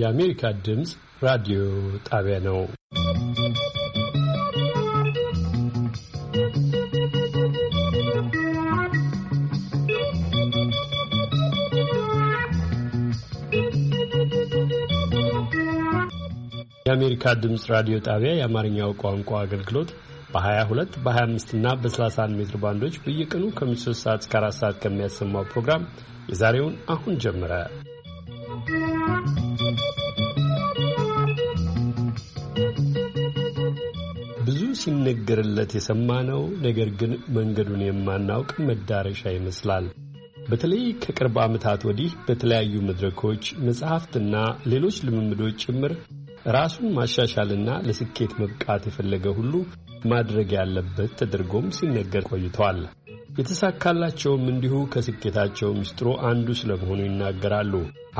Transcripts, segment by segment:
የአሜሪካ ድምፅ ራዲዮ ጣቢያ ነው። የአሜሪካ ድምፅ ራዲዮ ጣቢያ የአማርኛው ቋንቋ አገልግሎት በ22 በ25 እና በ31 ሜትር ባንዶች በየቀኑ ከ3 ሰዓት እስከ 4 ሰዓት ከሚያሰማው ፕሮግራም የዛሬውን አሁን ጀምረ ብዙ ሲነገርለት የሰማነው ነገር ግን መንገዱን የማናውቅ መዳረሻ ይመስላል። በተለይ ከቅርብ ዓመታት ወዲህ በተለያዩ መድረኮች መጽሕፍትና ሌሎች ልምምዶች ጭምር ራሱን ማሻሻልና ለስኬት መብቃት የፈለገ ሁሉ ማድረግ ያለበት ተደርጎም ሲነገር ቆይተዋል። የተሳካላቸውም እንዲሁ ከስኬታቸው ምስጢሩ አንዱ ስለመሆኑ ይናገራሉ።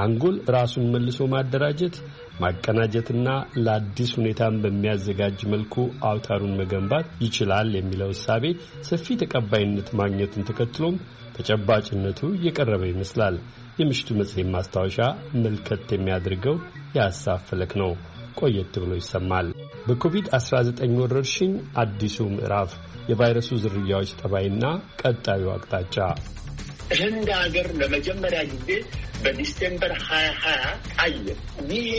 አንጎል ራሱን መልሶ ማደራጀት ማቀናጀትና ለአዲስ ሁኔታን በሚያዘጋጅ መልኩ አውታሩን መገንባት ይችላል የሚለው እሳቤ ሰፊ ተቀባይነት ማግኘቱን ተከትሎም ተጨባጭነቱ እየቀረበ ይመስላል። የምሽቱ መጽሔት ማስታወሻ መልከት የሚያደርገው የሐሳብ ፈለክ ነው። ቆየት ብሎ ይሰማል። በኮቪድ-19 ወረርሽኝ አዲሱ ምዕራፍ፣ የቫይረሱ ዝርያዎች ጠባይና ቀጣዩ አቅጣጫ ህንድ ሀገር ለመጀመሪያ ጊዜ በዲሴምበር ሀያ ሀያ አየ ይሄ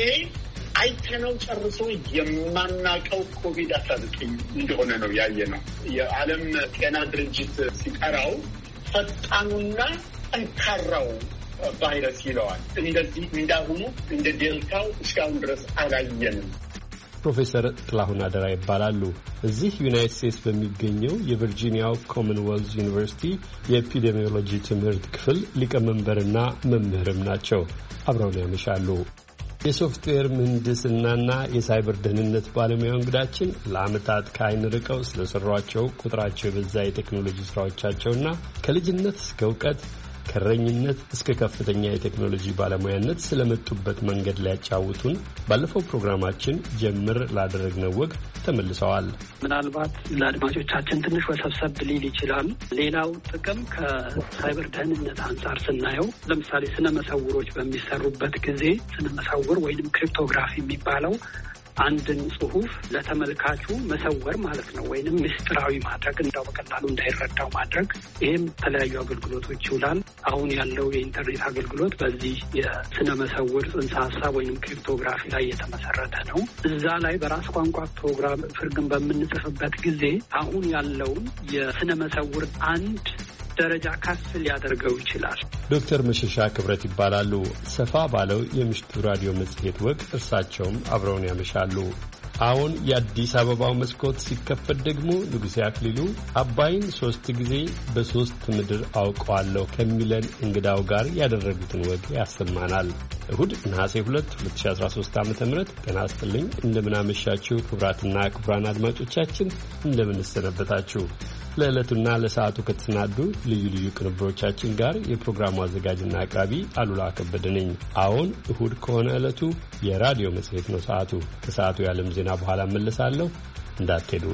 አይተነው ጨርሶ የማናቀው ኮቪድ አስራ ዘጠኝ እንደሆነ ነው ያየ ነው። የዓለም ጤና ድርጅት ሲጠራው ፈጣኑና ጠንካራው ቫይረስ ይለዋል። እንደዚህ እንዳሁኑ እንደ ዴልታው እስካሁን ድረስ አላየንም። ፕሮፌሰር ጥላሁን አደራ ይባላሉ። እዚህ ዩናይት ስቴትስ በሚገኘው የቨርጂኒያው ኮመንዌልዝ ዩኒቨርሲቲ የኤፒዴሚዮሎጂ ትምህርት ክፍል ሊቀመንበርና መምህርም ናቸው። አብረውን ያመሻሉ። የሶፍትዌር ምህንድስናና የሳይበር ደህንነት ባለሙያ እንግዳችን ለዓመታት ከአይን ርቀው ስለሰሯቸው ቁጥራቸው የበዛ የቴክኖሎጂ ስራዎቻቸውና ከልጅነት እስከ እውቀት ከረኝነት እስከ ከፍተኛ የቴክኖሎጂ ባለሙያነት ስለመጡበት መንገድ ሊያጫውቱን ባለፈው ፕሮግራማችን ጀምር ላደረግነው ወግ ተመልሰዋል። ምናልባት ለአድማጮቻችን ትንሽ ወሰብሰብ ሊል ይችላል። ሌላው ጥቅም ከሳይበር ደህንነት አንጻር ስናየው ለምሳሌ ስነ መሰውሮች በሚሰሩበት ጊዜ ስነ መሰውር ወይንም ክሪፕቶግራፊ የሚባለው አንድን ጽሁፍ ለተመልካቹ መሰወር ማለት ነው፣ ወይንም ምስጢራዊ ማድረግ እንዳው በቀላሉ እንዳይረዳው ማድረግ። ይህም የተለያዩ አገልግሎቶች ይውላል። አሁን ያለው የኢንተርኔት አገልግሎት በዚህ የስነ መሰውር ጽንሰ ሀሳብ ወይንም ክሪፕቶግራፊ ላይ የተመሰረተ ነው። እዛ ላይ በራስ ቋንቋ ፕሮግራም ፍርግን በምንጽፍበት ጊዜ አሁን ያለውን የስነ መሰውር አንድ ደረጃ ከፍ ሊያደርገው ይችላል። ዶክተር መሸሻ ክብረት ይባላሉ። ሰፋ ባለው የምሽቱ ራዲዮ መጽሔት ወቅት እርሳቸውም አብረውን ያመሻሉ። አሁን የአዲስ አበባው መስኮት ሲከፈት ደግሞ ንጉሴ አክሊሉ አባይን ሶስት ጊዜ በሶስት ምድር አውቀዋለሁ ከሚለን እንግዳው ጋር ያደረጉትን ወግ ያሰማናል። እሁድ ነሐሴ 2 2013 ዓ ም ጤና ስጥልኝ። እንደምናመሻችሁ ክቡራትና ክቡራን አድማጮቻችን እንደምንሰነበታችሁ። ለዕለቱና ለሰዓቱ ከተሰናዱ ልዩ ልዩ ቅንብሮቻችን ጋር የፕሮግራሙ አዘጋጅና አቅራቢ አሉላ ከበደ ነኝ። እሁድ ከሆነ ዕለቱ የራዲዮ መጽሔት ነው። ሰዓቱ ከሰዓቱ የዓለም ዜና ዜና በኋላ እመልሳለሁ፣ እንዳትሄዱ።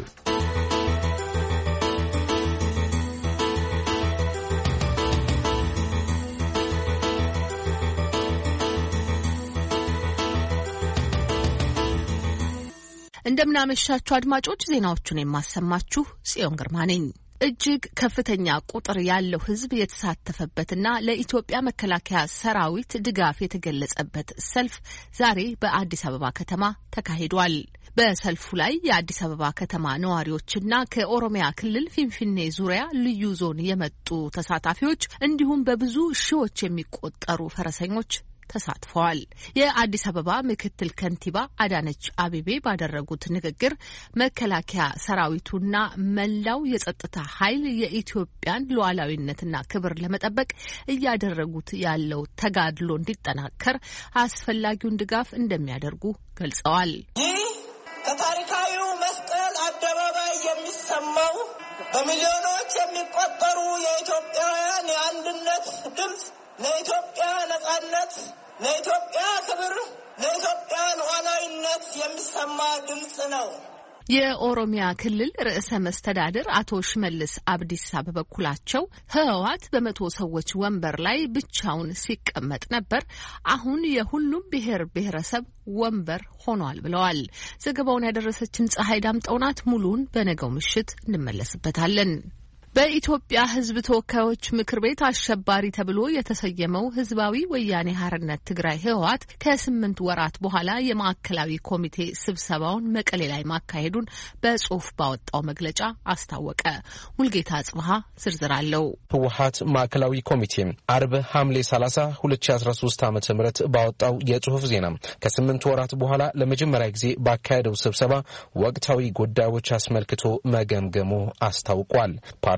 እንደምናመሻችሁ አድማጮች፣ ዜናዎቹን የማሰማችሁ ጽዮን ግርማ ነኝ። እጅግ ከፍተኛ ቁጥር ያለው ሕዝብ የተሳተፈበትና ለኢትዮጵያ መከላከያ ሰራዊት ድጋፍ የተገለጸበት ሰልፍ ዛሬ በአዲስ አበባ ከተማ ተካሂዷል። በሰልፉ ላይ የአዲስ አበባ ከተማ ነዋሪዎችና ከኦሮሚያ ክልል ፊንፊኔ ዙሪያ ልዩ ዞን የመጡ ተሳታፊዎች እንዲሁም በብዙ ሺዎች የሚቆጠሩ ፈረሰኞች ተሳትፈዋል። የአዲስ አበባ ምክትል ከንቲባ አዳነች አቤቤ ባደረጉት ንግግር መከላከያ ሰራዊቱና መላው የጸጥታ ኃይል የኢትዮጵያን ሉዓላዊነትና ክብር ለመጠበቅ እያደረጉት ያለው ተጋድሎ እንዲጠናከር አስፈላጊውን ድጋፍ እንደሚያደርጉ ገልጸዋል። ከታሪካዊው መስቀል አደባባይ የሚሰማው በሚሊዮኖች የሚቆጠሩ የኢትዮጵያውያን የአንድነት ድምፅ ለኢትዮጵያ ነጻነት፣ ለኢትዮጵያ ክብር፣ ለኢትዮጵያ ሉዓላዊነት የሚሰማ ድምፅ ነው። የኦሮሚያ ክልል ርዕሰ መስተዳድር አቶ ሽመልስ አብዲሳ በበኩላቸው ህወሓት በመቶ ሰዎች ወንበር ላይ ብቻውን ሲቀመጥ ነበር፣ አሁን የሁሉም ብሔር ብሔረሰብ ወንበር ሆኗል ብለዋል። ዘገባውን ያደረሰችን ፀሐይ ዳምጠውናት ሙሉውን በነገው ምሽት እንመለስበታለን። በኢትዮጵያ ሕዝብ ተወካዮች ምክር ቤት አሸባሪ ተብሎ የተሰየመው ህዝባዊ ወያኔ ሀርነት ትግራይ ህወሀት ከስምንት ወራት በኋላ የማዕከላዊ ኮሚቴ ስብሰባውን መቀሌ ላይ ማካሄዱን በጽሁፍ ባወጣው መግለጫ አስታወቀ። ሙልጌታ ጽብሀ ዝርዝር አለው። ህወሀት ማዕከላዊ ኮሚቴ አርብ ሐምሌ 30 2013 ዓ ም ባወጣው የጽሁፍ ዜና ከስምንት ወራት በኋላ ለመጀመሪያ ጊዜ ባካሄደው ስብሰባ ወቅታዊ ጉዳዮች አስመልክቶ መገምገሙ አስታውቋል።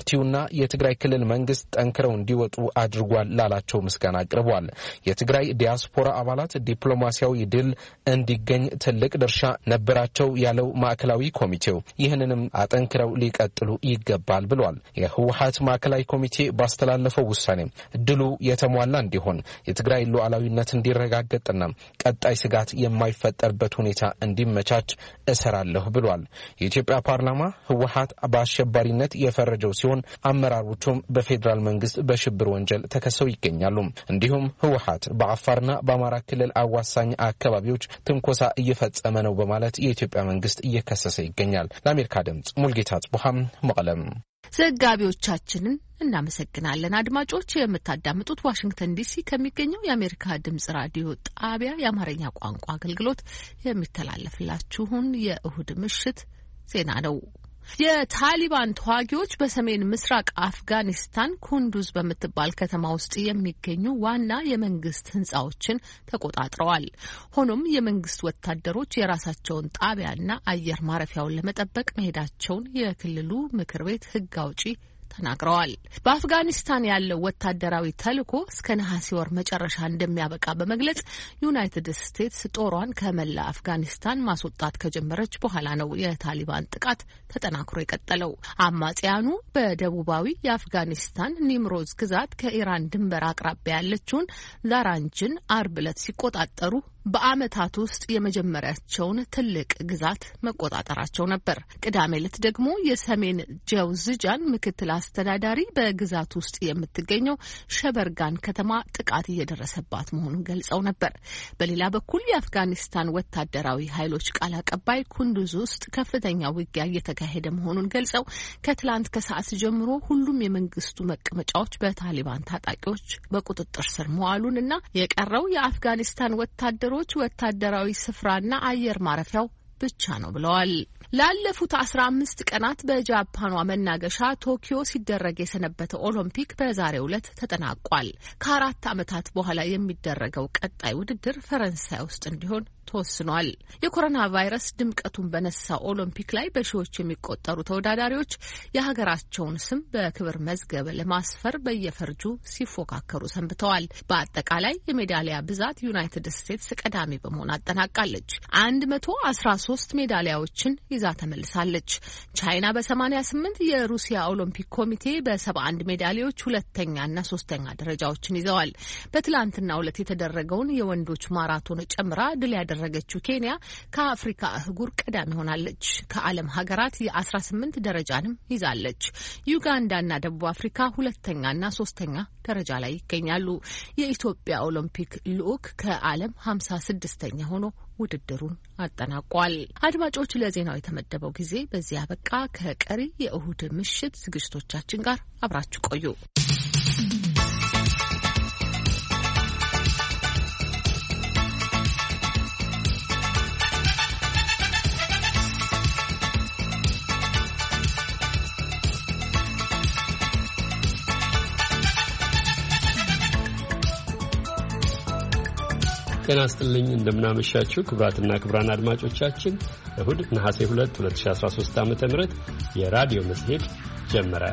ፓርቲውና የትግራይ ክልል መንግስት ጠንክረው እንዲወጡ አድርጓል ላላቸው ምስጋና አቅርቧል። የትግራይ ዲያስፖራ አባላት ዲፕሎማሲያዊ ድል እንዲገኝ ትልቅ ድርሻ ነበራቸው ያለው ማዕከላዊ ኮሚቴው ይህንንም አጠንክረው ሊቀጥሉ ይገባል ብሏል። የህወሀት ማዕከላዊ ኮሚቴ ባስተላለፈው ውሳኔ ድሉ የተሟላ እንዲሆን የትግራይ ሉዓላዊነት እንዲረጋገጥና ቀጣይ ስጋት የማይፈጠርበት ሁኔታ እንዲመቻች እሰራለሁ ብሏል። የኢትዮጵያ ፓርላማ ህወሀት በአሸባሪነት የፈረጀው ሲሆን ሲሆን አመራሮቹም በፌዴራል መንግስት በሽብር ወንጀል ተከሰው ይገኛሉ። እንዲሁም ህወሀት በአፋርና በአማራ ክልል አዋሳኝ አካባቢዎች ትንኮሳ እየፈጸመ ነው በማለት የኢትዮጵያ መንግስት እየከሰሰ ይገኛል። ለአሜሪካ ድምጽ ሙልጌታ ጽቡሃም መቀለም። ዘጋቢዎቻችንን እናመሰግናለን። አድማጮች የምታዳምጡት ዋሽንግተን ዲሲ ከሚገኘው የአሜሪካ ድምጽ ራዲዮ ጣቢያ የአማርኛ ቋንቋ አገልግሎት የሚተላለፍላችሁን የእሁድ ምሽት ዜና ነው። የታሊባን ተዋጊዎች በሰሜን ምስራቅ አፍጋኒስታን ኩንዱዝ በምትባል ከተማ ውስጥ የሚገኙ ዋና የመንግስት ህንጻዎችን ተቆጣጥረዋል። ሆኖም የመንግስት ወታደሮች የራሳቸውን ጣቢያና አየር ማረፊያውን ለመጠበቅ መሄዳቸውን የክልሉ ምክር ቤት ህግ አውጪ ተናግረዋል። በአፍጋኒስታን ያለው ወታደራዊ ተልዕኮ እስከ ነሐሴ ወር መጨረሻ እንደሚያበቃ በመግለጽ ዩናይትድ ስቴትስ ጦሯን ከመላ አፍጋኒስታን ማስወጣት ከጀመረች በኋላ ነው የታሊባን ጥቃት ተጠናክሮ የቀጠለው። አማጽያኑ በደቡባዊ የአፍጋኒስታን ኒምሮዝ ግዛት ከኢራን ድንበር አቅራቢያ ያለችውን ዛራንጅን አርብ ዕለት ሲቆጣጠሩ በአመታት ውስጥ የመጀመሪያቸውን ትልቅ ግዛት መቆጣጠራቸው ነበር። ቅዳሜ ዕለት ደግሞ የሰሜን ጀውዝጃን ምክትል አስተዳዳሪ በግዛት ውስጥ የምትገኘው ሸበርጋን ከተማ ጥቃት እየደረሰባት መሆኑን ገልጸው ነበር። በሌላ በኩል የአፍጋኒስታን ወታደራዊ ኃይሎች ቃል አቀባይ ኩንዱዝ ውስጥ ከፍተኛ ውጊያ እየተካሄደ መሆኑን ገልጸው ከትላንት ከሰዓት ጀምሮ ሁሉም የመንግስቱ መቀመጫዎች በታሊባን ታጣቂዎች በቁጥጥር ስር መዋሉን እና የቀረው የአፍጋኒስታን ወታደሮች ወታደሮች ወታደራዊ ስፍራና አየር ማረፊያው ብቻ ነው ብለዋል። ላለፉት አስራ አምስት ቀናት በጃፓኗ መናገሻ ቶኪዮ ሲደረግ የሰነበተው ኦሎምፒክ በዛሬው ዕለት ተጠናቋል። ከአራት ዓመታት በኋላ የሚደረገው ቀጣይ ውድድር ፈረንሳይ ውስጥ እንዲሆን ተወስኗል። የኮሮና ቫይረስ ድምቀቱን በነሳ ኦሎምፒክ ላይ በሺዎች የሚቆጠሩ ተወዳዳሪዎች የሀገራቸውን ስም በክብር መዝገብ ለማስፈር በየፈርጁ ሲፎካከሩ ሰንብተዋል። በአጠቃላይ የሜዳሊያ ብዛት ዩናይትድ ስቴትስ ቀዳሚ በመሆን አጠናቃለች። አንድ መቶ አስራ ሶስት ሜዳሊያዎችን ይዛ ተመልሳለች። ቻይና በሰማኒያ ስምንት የሩሲያ ኦሎምፒክ ኮሚቴ በሰባ አንድ ሜዳሊያዎች ሁለተኛና ሶስተኛ ደረጃዎችን ይዘዋል። በትላንትና ሁለት የተደረገውን የወንዶች ማራቶን ጨምራ ድል ያደ ያደረገችው ኬንያ ከአፍሪካ አህጉር ቀዳሚ ሆናለች። ከዓለም ሀገራት የ18 ደረጃንም ይዛለች። ዩጋንዳና ደቡብ አፍሪካ ሁለተኛና ሶስተኛ ደረጃ ላይ ይገኛሉ። የኢትዮጵያ ኦሎምፒክ ልዑክ ከዓለም 56ኛ ሆኖ ውድድሩን አጠናቋል። አድማጮች፣ ለዜናው የተመደበው ጊዜ በዚህ አበቃ። ከቀሪ የእሁድ ምሽት ዝግጅቶቻችን ጋር አብራችሁ ቆዩ። ጤና ስጥልኝ። እንደምናመሻችሁ ክቡራትና ክቡራን አድማጮቻችን እሁድ ነሐሴ 2 2013 ዓ ም የራዲዮ መጽሔት ጀመረ።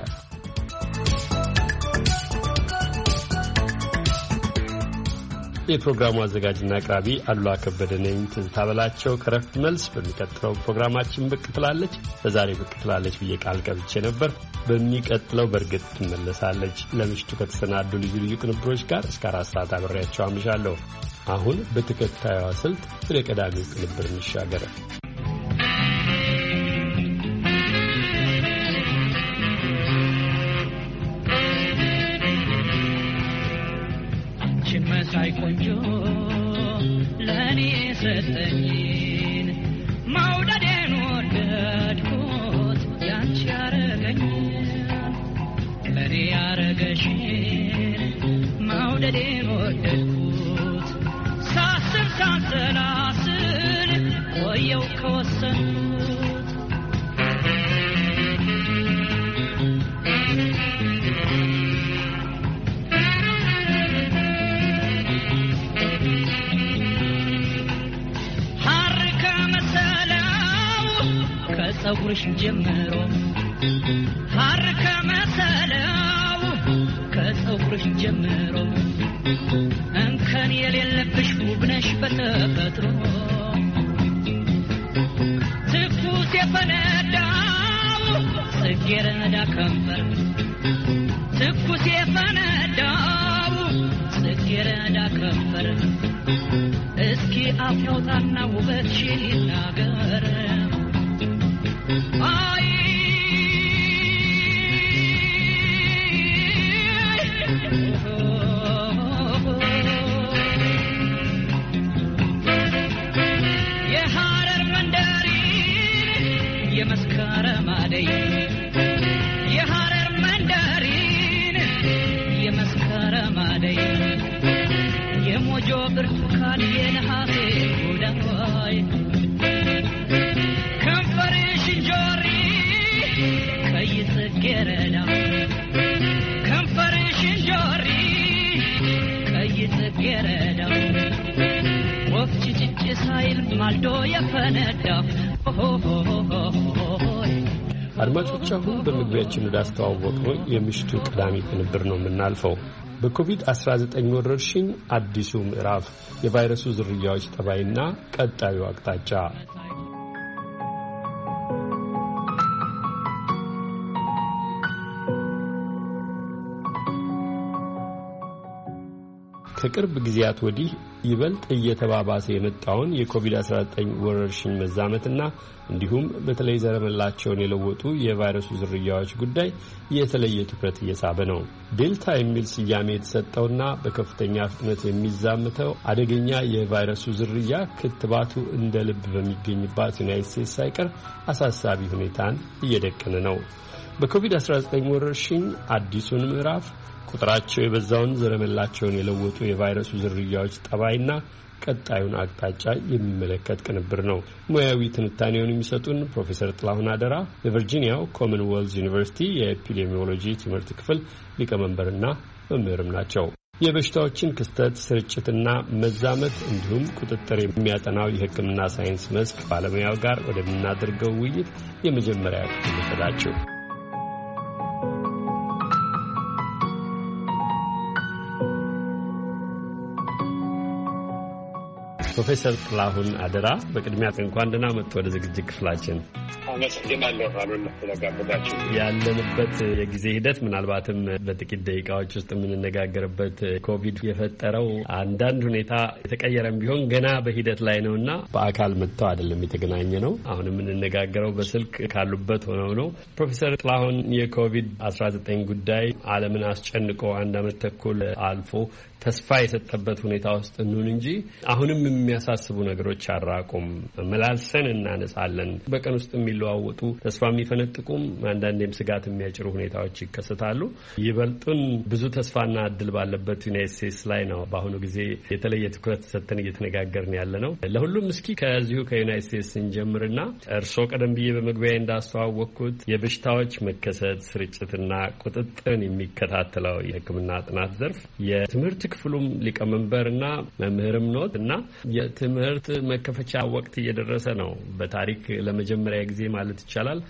የፕሮግራሙ አዘጋጅና አቅራቢ አሉላ ከበደ ነኝ። ትዝታ በላቸው ከረፍት መልስ በሚቀጥለው ፕሮግራማችን ብቅ ትላለች። በዛሬ ብቅ ትላለች ብዬ ቃል ቀብቼ ነበር። በሚቀጥለው በእርግጥ ትመለሳለች። ለምሽቱ ከተሰናዱ ልዩ ልዩ ቅንብሮች ጋር እስከ አራት ሰዓት አብሬያቸው አምሻለሁ። አሁን በተከታዩ ስልት ወደ ቀዳሚው ቅንብር እንሻገር። ያረገኝን መውደዴን ወደድኩት ያንቺ ያረገኝ ለኔ ያረገሽን መውደዴን ወደድኩት ሳስብ ሳንሰላስል ቆየው ከወሰንኩ ጸጉርሽ ጀምሮ ሀር ከመሰለው ከጸጉርሽ ጀምሮ እንከን የሌለብሽ ውብነሽ በተፈጥሮ ትኩስ የፈነዳው ጽጌረዳ ከንፈር ትኩስ የፈነዳው ጽጌረዳ ከንፈር እስኪ አፍኖታና ውበትሽን ይናገር አድማጮች አሁን በመግቢያችን ወዳስተዋወቅ የምሽቱ ቀዳሚ ቅንብር ነው የምናልፈው። በኮቪድ-19 ወረርሽኝ አዲሱ ምዕራፍ፣ የቫይረሱ ዝርያዎች ጠባይና ቀጣዩ አቅጣጫ ከቅርብ ጊዜያት ወዲህ ይበልጥ እየተባባሰ የመጣውን የኮቪድ-19 ወረርሽኝ መዛመትና እንዲሁም በተለይ ዘረመላቸውን የለወጡ የቫይረሱ ዝርያዎች ጉዳይ የተለየ ትኩረት እየሳበ ነው። ዴልታ የሚል ስያሜ የተሰጠውና በከፍተኛ ፍጥነት የሚዛምተው አደገኛ የቫይረሱ ዝርያ ክትባቱ እንደ ልብ በሚገኝባት ዩናይት ስቴትስ ሳይቀር አሳሳቢ ሁኔታን እየደቀነ ነው። በኮቪድ-19 ወረርሽኝ አዲሱን ምዕራፍ ቁጥራቸው የበዛውን ዘረመላቸውን የለወጡ የቫይረሱ ዝርያዎች ጠባይና ቀጣዩን አቅጣጫ የሚመለከት ቅንብር ነው። ሙያዊ ትንታኔውን የሚሰጡን ፕሮፌሰር ጥላሁን አደራ የቨርጂኒያው ኮመንዌልዝ ዩኒቨርሲቲ የኤፒዴሚዮሎጂ ትምህርት ክፍል ሊቀመንበርና መምህርም ናቸው። የበሽታዎችን ክስተት ስርጭትና መዛመት እንዲሁም ቁጥጥር የሚያጠናው የሕክምና ሳይንስ መስክ ባለሙያው ጋር ወደምናደርገው ውይይት የመጀመሪያ ክፍል መሰዳችሁ ፕሮፌሰር ጥላሁን አደራ በቅድሚያ እንኳን ደህና መጡ ወደ ዝግጅት ክፍላችን። አመሰግናለሁ ያለንበት የጊዜ ሂደት ምናልባትም በጥቂት ደቂቃዎች ውስጥ የምንነጋገርበት ኮቪድ የፈጠረው አንዳንድ ሁኔታ የተቀየረም ቢሆን ገና በሂደት ላይ ነው እና በአካል መጥተው አይደለም የተገናኘ ነው። አሁን የምንነጋገረው በስልክ ካሉበት ሆነው ነው። ፕሮፌሰር ጥላሁን የኮቪድ-19 ጉዳይ ዓለምን አስጨንቆ አንድ አመት ተኩል አልፎ ተስፋ የሰጠበት ሁኔታ ውስጥ እንሁን እንጂ አሁንም የሚያሳስቡ ነገሮች አራቁም። መላልሰን እናነሳለን። በቀን ውስጥ የሚለዋወጡ ተስፋ የሚፈነጥቁም አንዳንዴም ስጋት የሚያጭሩ ሁኔታዎች ይከሰታሉ። ይበልጡን ብዙ ተስፋና እድል ባለበት ዩናይት ስቴትስ ላይ ነው በአሁኑ ጊዜ የተለየ ትኩረት ሰጥተን እየተነጋገርን ያለ ነው። ለሁሉም እስኪ ከዚሁ ከዩናይት ስቴትስ እንጀምርና እርስዎ ቀደም ብዬ በመግቢያ እንዳስተዋወቅኩት የበሽታዎች መከሰት ስርጭትና ቁጥጥርን የሚከታተለው የሕክምና ጥናት ዘርፍ የትምህርት ክፍሉም ሊቀመንበር እና መምህርም ኖት እና የትምህርት መከፈቻ ወቅት እየደረሰ ነው። በታሪክ ለመጀመሪያ ጊዜ ማለት ይቻላል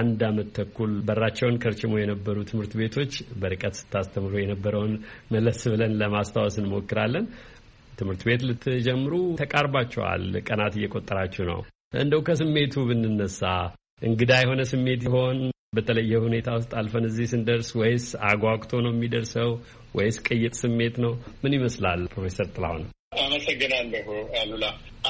አንድ አመት ተኩል በራቸውን ከርችሞ የነበሩ ትምህርት ቤቶች በርቀት ስታስተምሩ የነበረውን መለስ ብለን ለማስታወስ እንሞክራለን። ትምህርት ቤት ልትጀምሩ ተቃርባቸዋል። ቀናት እየቆጠራችሁ ነው። እንደው ከስሜቱ ብንነሳ እንግዳ የሆነ ስሜት ይሆን? በተለየ ሁኔታ ውስጥ አልፈን እዚህ ስንደርስ ወይስ አጓግቶ ነው የሚደርሰው ወይስ ቅይጥ ስሜት ነው? ምን ይመስላል ፕሮፌሰር ጥላሁን? አመሰግናለሁ አሉላ።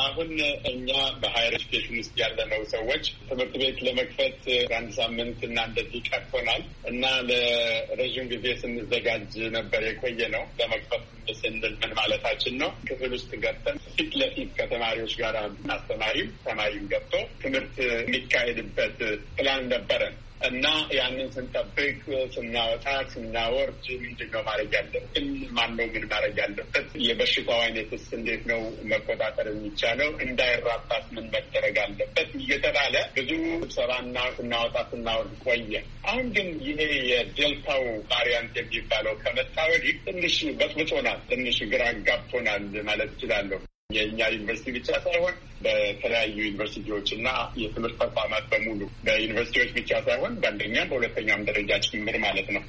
አሁን እኛ በሀይር ኤጁኬሽን ውስጥ ያለነው ሰዎች ትምህርት ቤት ለመክፈት አንድ ሳምንት እና እንደዚህ ቀርቶናል እና ለረዥም ጊዜ ስንዘጋጅ ነበር የቆየ ነው። ለመክፈት ስንል ምን ማለታችን ነው? ክፍል ውስጥ ገብተን ፊት ለፊት ከተማሪዎች ጋር አስተማሪም ተማሪም ገብቶ ትምህርት የሚካሄድበት ፕላን ነበረን እና ያንን ስንጠብቅ ስናወጣ ስናወርድ ምንድን ነው ማድረግ ያለብን? ማን ነው ምን ማድረግ ያለበት? የበሽታው አይነትስ እንዴት ነው መቆጣጠር የሚቻ ነው እንዳይራባት ምን መደረግ አለበት እየተባለ ብዙ ስብሰባና ስናወጣ ስናወርድ ቆየ። አሁን ግን ይሄ የዴልታው ቫሪያንት የሚባለው ከመጣ ወዲህ ትንሽ በጥብጦናል፣ ትንሽ ግራ ጋብቶናል ማለት እችላለሁ። የእኛ ዩኒቨርሲቲ ብቻ ሳይሆን በተለያዩ ዩኒቨርሲቲዎች እና የትምህርት ተቋማት በሙሉ በዩኒቨርሲቲዎች ብቻ ሳይሆን በአንደኛም በሁለተኛም ደረጃ ጭምር ማለት ነው።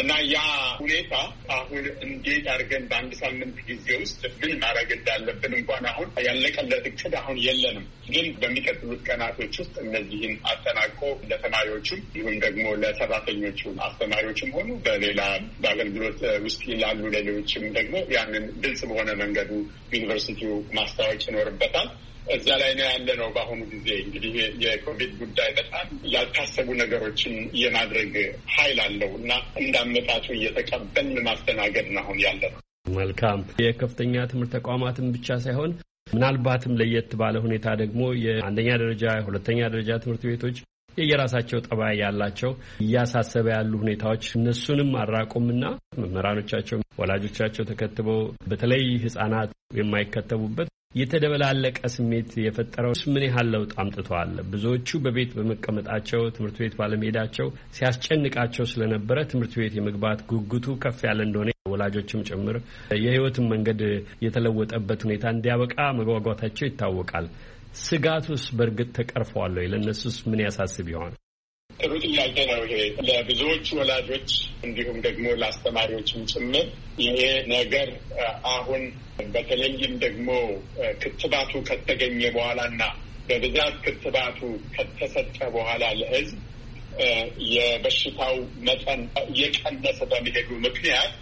እና ያ ሁኔታ አሁን እንዴት አድርገን በአንድ ሳምንት ጊዜ ውስጥ ምን ማድረግ እንዳለብን እንኳን አሁን ያለቀለት እቅድ አሁን የለንም። ግን በሚቀጥሉት ቀናቶች ውስጥ እነዚህን አጠናቆ ለተማሪዎችም ይሁን ደግሞ ለሰራተኞቹ አስተማሪዎችም ሆኑ በሌላ በአገልግሎት ውስጥ ላሉ ሌሎችም ደግሞ ያንን ግልጽ በሆነ መንገዱ ዩኒቨርሲቲው ማስታወቅ ይኖርበታል። እዛ ላይ ነው ያለ ነው። በአሁኑ ጊዜ እንግዲህ የኮቪድ ጉዳይ በጣም ያልታሰቡ ነገሮችን የማድረግ ኃይል አለው እና እንዳመጣቱ እየተቀበልን ማስተናገድ ነው አሁን ያለ ነው። መልካም የከፍተኛ ትምህርት ተቋማትን ብቻ ሳይሆን ምናልባትም ለየት ባለ ሁኔታ ደግሞ የአንደኛ ደረጃ የሁለተኛ ደረጃ ትምህርት ቤቶች የየራሳቸው ጠባይ ያላቸው እያሳሰበ ያሉ ሁኔታዎች እነሱንም አራቁምና መምህራኖቻቸው፣ ወላጆቻቸው ተከትበው በተለይ ህጻናት የማይከተቡበት የተደበላለቀ ስሜት የፈጠረው ምን ያህል ለውጥ አምጥተዋል? ብዙዎቹ በቤት በመቀመጣቸው ትምህርት ቤት ባለመሄዳቸው ሲያስጨንቃቸው ስለነበረ ትምህርት ቤት የመግባት ጉጉቱ ከፍ ያለ እንደሆነ ወላጆችም ጭምር የህይወትን መንገድ የተለወጠበት ሁኔታ እንዲያበቃ መጓጓታቸው ይታወቃል። ስጋቱስ በእርግጥ ተቀርፈዋል ወይ? ለእነሱስ ምን ያሳስብ ይሆን? ጥሩ ጥያቄ ነው። ይሄ ለብዙዎች ወላጆች እንዲሁም ደግሞ ለአስተማሪዎችም ጭምር ይሄ ነገር አሁን በተለይም ደግሞ ክትባቱ ከተገኘ በኋላ እና በብዛት ክትባቱ ከተሰጠ በኋላ ለሕዝብ የበሽታው መጠን እየቀነሰ በመሄዱ ምክንያት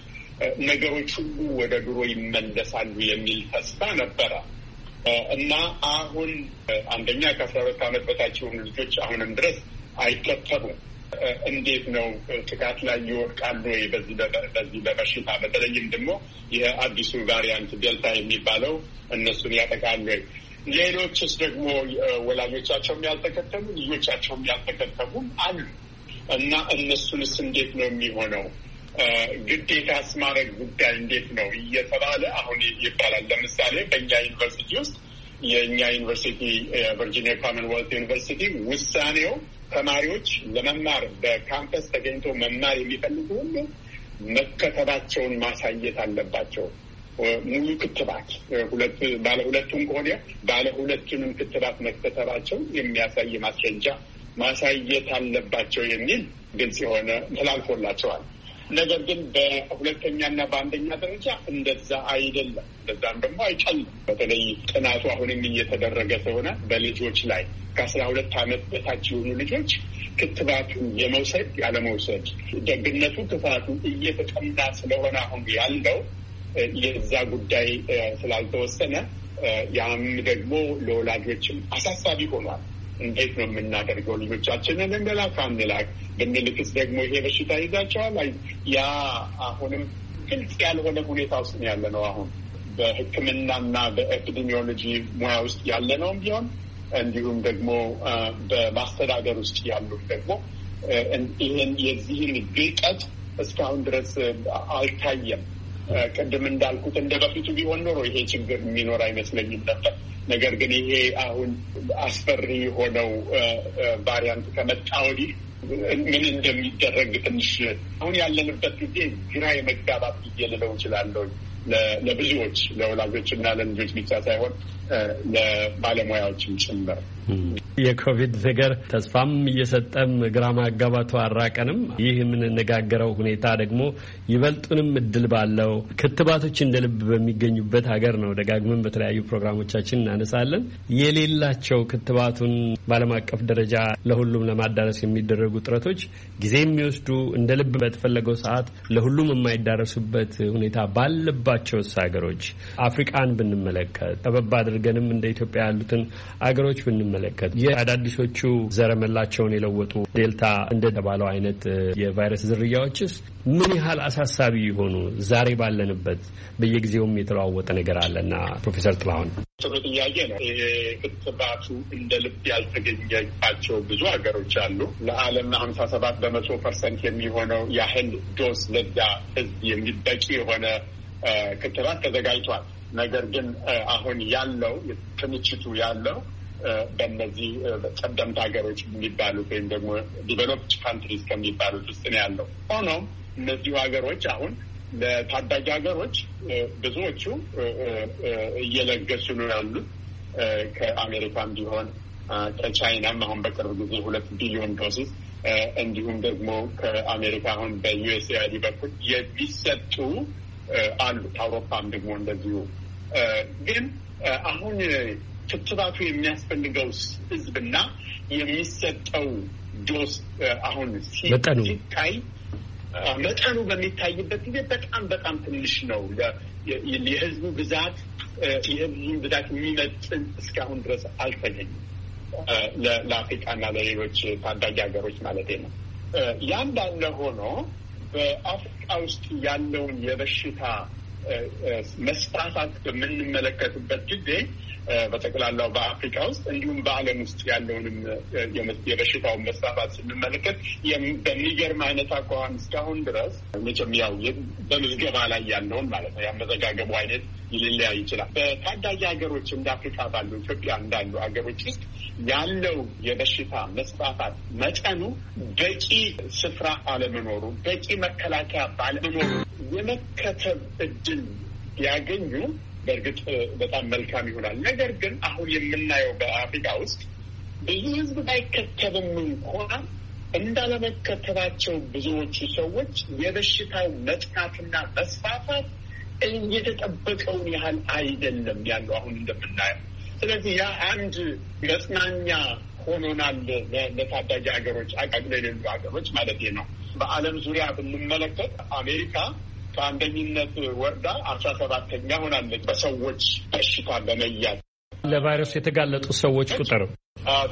ነገሮች ሁሉ ወደ ድሮ ይመለሳሉ የሚል ተስፋ ነበረ። እና አሁን አንደኛ ከአስራ ሁለት ዓመት በታች የሆኑ ልጆች አሁንም ድረስ አይከተቡም። እንዴት ነው ጥቃት ላይ ይወድቃሉ ወይ? በዚህ በበሽታ በተለይም ደግሞ የአዲሱ ቫሪያንት ዴልታ የሚባለው እነሱን ያጠቃሉ ወይ? ሌሎችስ ደግሞ ወላጆቻቸውም ያልተከተቡ ልጆቻቸውም ያልተከተቡም አሉ እና እነሱንስ እንዴት ነው የሚሆነው? ግዴታ አስማረግ ጉዳይ እንዴት ነው እየተባለ አሁን ይባላል። ለምሳሌ በእኛ ዩኒቨርሲቲ ውስጥ የእኛ ዩኒቨርሲቲ ቨርጂኒያ ኮመንዌልት ዩኒቨርሲቲ ውሳኔው ተማሪዎች ለመማር በካምፐስ ተገኝቶ መማር የሚፈልጉ ሁሉ መከተባቸውን ማሳየት አለባቸው። ሙሉ ክትባት ሁለት ባለ ሁለቱም ከሆነ ባለ ሁለቱንም ክትባት መከተባቸው የሚያሳይ ማስረጃ ማሳየት አለባቸው የሚል ግልጽ የሆነ ተላልፎላቸዋል። ነገር ግን በሁለተኛና በአንደኛ ደረጃ እንደዛ አይደለም። እንደዛም ደግሞ አይቻልም። በተለይ ጥናቱ አሁንም እየተደረገ ስለሆነ በልጆች ላይ ከአስራ ሁለት ዓመት በታች የሆኑ ልጆች ክትባቱ የመውሰድ ያለመውሰድ ደግነቱ፣ ክፋቱ እየተጠና ስለሆነ አሁን ያለው የዛ ጉዳይ ስላልተወሰነ ያም ደግሞ ለወላጆችም አሳሳቢ ሆኗል። እንዴት ነው የምናደርገው? ልጆቻችንን እንላክ አንላክ? ብንልክስ ደግሞ ይሄ በሽታ ይዛቸዋል። ያ አሁንም ግልጽ ያልሆነ ሁኔታ ውስጥ ነው ያለ ነው። አሁን በሕክምናና በኤፒዲሚዮሎጂ ሙያ ውስጥ ያለ ነውም ቢሆን እንዲሁም ደግሞ በማስተዳደር ውስጥ ያሉት ደግሞ ይህን የዚህን ግልቀት እስካሁን ድረስ አልታየም። ቅድም እንዳልኩት እንደ በፊቱ ቢሆን ኖሮ ይሄ ችግር የሚኖር አይመስለኝም ነበር። ነገር ግን ይሄ አሁን አስፈሪ የሆነው ቫሪያንት ከመጣ ወዲህ ምን እንደሚደረግ ትንሽ አሁን ያለንበት ጊዜ ግራ የመጋባት ጊዜ ልለው እችላለሁ። ለብዙዎች ለወላጆች እና ለልጆች ብቻ ሳይሆን ለባለሙያዎችም ጭምር የኮቪድ ነገር ተስፋም እየሰጠም ግራ ማጋባቱ አራቀንም። ይህ የምንነጋገረው ሁኔታ ደግሞ ይበልጡንም እድል ባለው ክትባቶች እንደ ልብ በሚገኙበት ሀገር ነው። ደጋግመን በተለያዩ ፕሮግራሞቻችን እናነሳለን። የሌላቸው ክትባቱን በዓለም አቀፍ ደረጃ ለሁሉም ለማዳረስ የሚደረጉ ጥረቶች ጊዜ የሚወስዱ እንደ ልብ በተፈለገው ሰዓት ለሁሉም የማይዳረሱበት ሁኔታ ባለባት ያሉባቸውስ ሀገሮች አፍሪቃን ብንመለከት ጠበብ አድርገንም እንደ ኢትዮጵያ ያሉትን አገሮች ብንመለከት የአዳዲሶቹ ዘረመላቸውን የለወጡ ዴልታ እንደተባለው አይነት የቫይረስ ዝርያዎችስ ምን ያህል አሳሳቢ የሆኑ ዛሬ ባለንበት በየጊዜውም የተለዋወጠ ነገር አለና ፕሮፌሰር ጥላሁን ጥሩ ጥያቄ ነው። ክትባቱ እንደ ልብ ያልተገኘባቸው ብዙ ሀገሮች አሉ። ለዓለም ሀምሳ ሰባት በመቶ ፐርሰንት የሚሆነው ያህል ዶስ ለዛ ህዝብ የሚበቂ የሆነ ክትባት ተዘጋጅቷል። ነገር ግን አሁን ያለው ክምችቱ ያለው በእነዚህ ቀደምት ሀገሮች የሚባሉት ወይም ደግሞ ዲቨሎፕድ ካንትሪስ ከሚባሉት ውስጥ ነው ያለው። ሆኖም እነዚሁ ሀገሮች አሁን ለታዳጊ ሀገሮች ብዙዎቹ እየለገሱ ነው ያሉት። ከአሜሪካም ቢሆን ከቻይናም አሁን በቅርብ ጊዜ ሁለት ቢሊዮን ዶሲስ እንዲሁም ደግሞ ከአሜሪካ አሁን በዩኤስኤአይዲ በኩል የሚሰጡ አሉ አውሮፓም ደግሞ እንደዚሁ። ግን አሁን ክትባቱ የሚያስፈልገው ህዝብና የሚሰጠው ዶስ አሁን ሲታይ መጠኑ በሚታይበት ጊዜ በጣም በጣም ትንሽ ነው። የህዝቡ ብዛት የህዝቡን ብዛት የሚመጥን እስካሁን ድረስ አልተገኝም። ለአፍሪካና ለሌሎች ታዳጊ ሀገሮች ማለት ነው። ያ እንዳለ ሆኖ በአፍሪካ ውስጥ ያለውን የበሽታ መስፋፋት በምንመለከትበት ጊዜ በጠቅላላው በአፍሪካ ውስጥ እንዲሁም በዓለም ውስጥ ያለውንም የበሽታውን መስፋፋት ስንመለከት በሚገርም አይነት አኳኋን እስካሁን ድረስ መቼም ያው በምዝገባ ላይ ያለውን ማለት ነው ያመዘጋገቡ አይነት ሊለያይ ይችላል። በታዳጊ ሀገሮች እንደ አፍሪካ ባሉ ኢትዮጵያ እንዳሉ ሀገሮች ውስጥ ያለው የበሽታ መስፋፋት መጠኑ በቂ ስፍራ አለመኖሩ፣ በቂ መከላከያ ባለመኖሩ የመከተብ እድል ያገኙ በእርግጥ በጣም መልካም ይሆናል። ነገር ግን አሁን የምናየው በአፍሪካ ውስጥ ብዙ ህዝብ ባይከተብም እንኳ እንዳለመከተባቸው ብዙዎቹ ሰዎች የበሽታው መጥናትና መስፋፋት እየተጠበቀውን ያህል አይደለም ያለው አሁን እንደምናየው። ስለዚህ ያ አንድ መጽናኛ ሆኖናል ለታዳጊ ሀገሮች፣ አቃቅለ የሌሉ ሀገሮች ማለት ነው። በዓለም ዙሪያ ብንመለከት አሜሪካ ከአንደኝነት ወርዳ አስራ ሰባተኛ ሆናለች በሰዎች በሽታ በመያዝ ለቫይረስ የተጋለጡ ሰዎች ቁጥር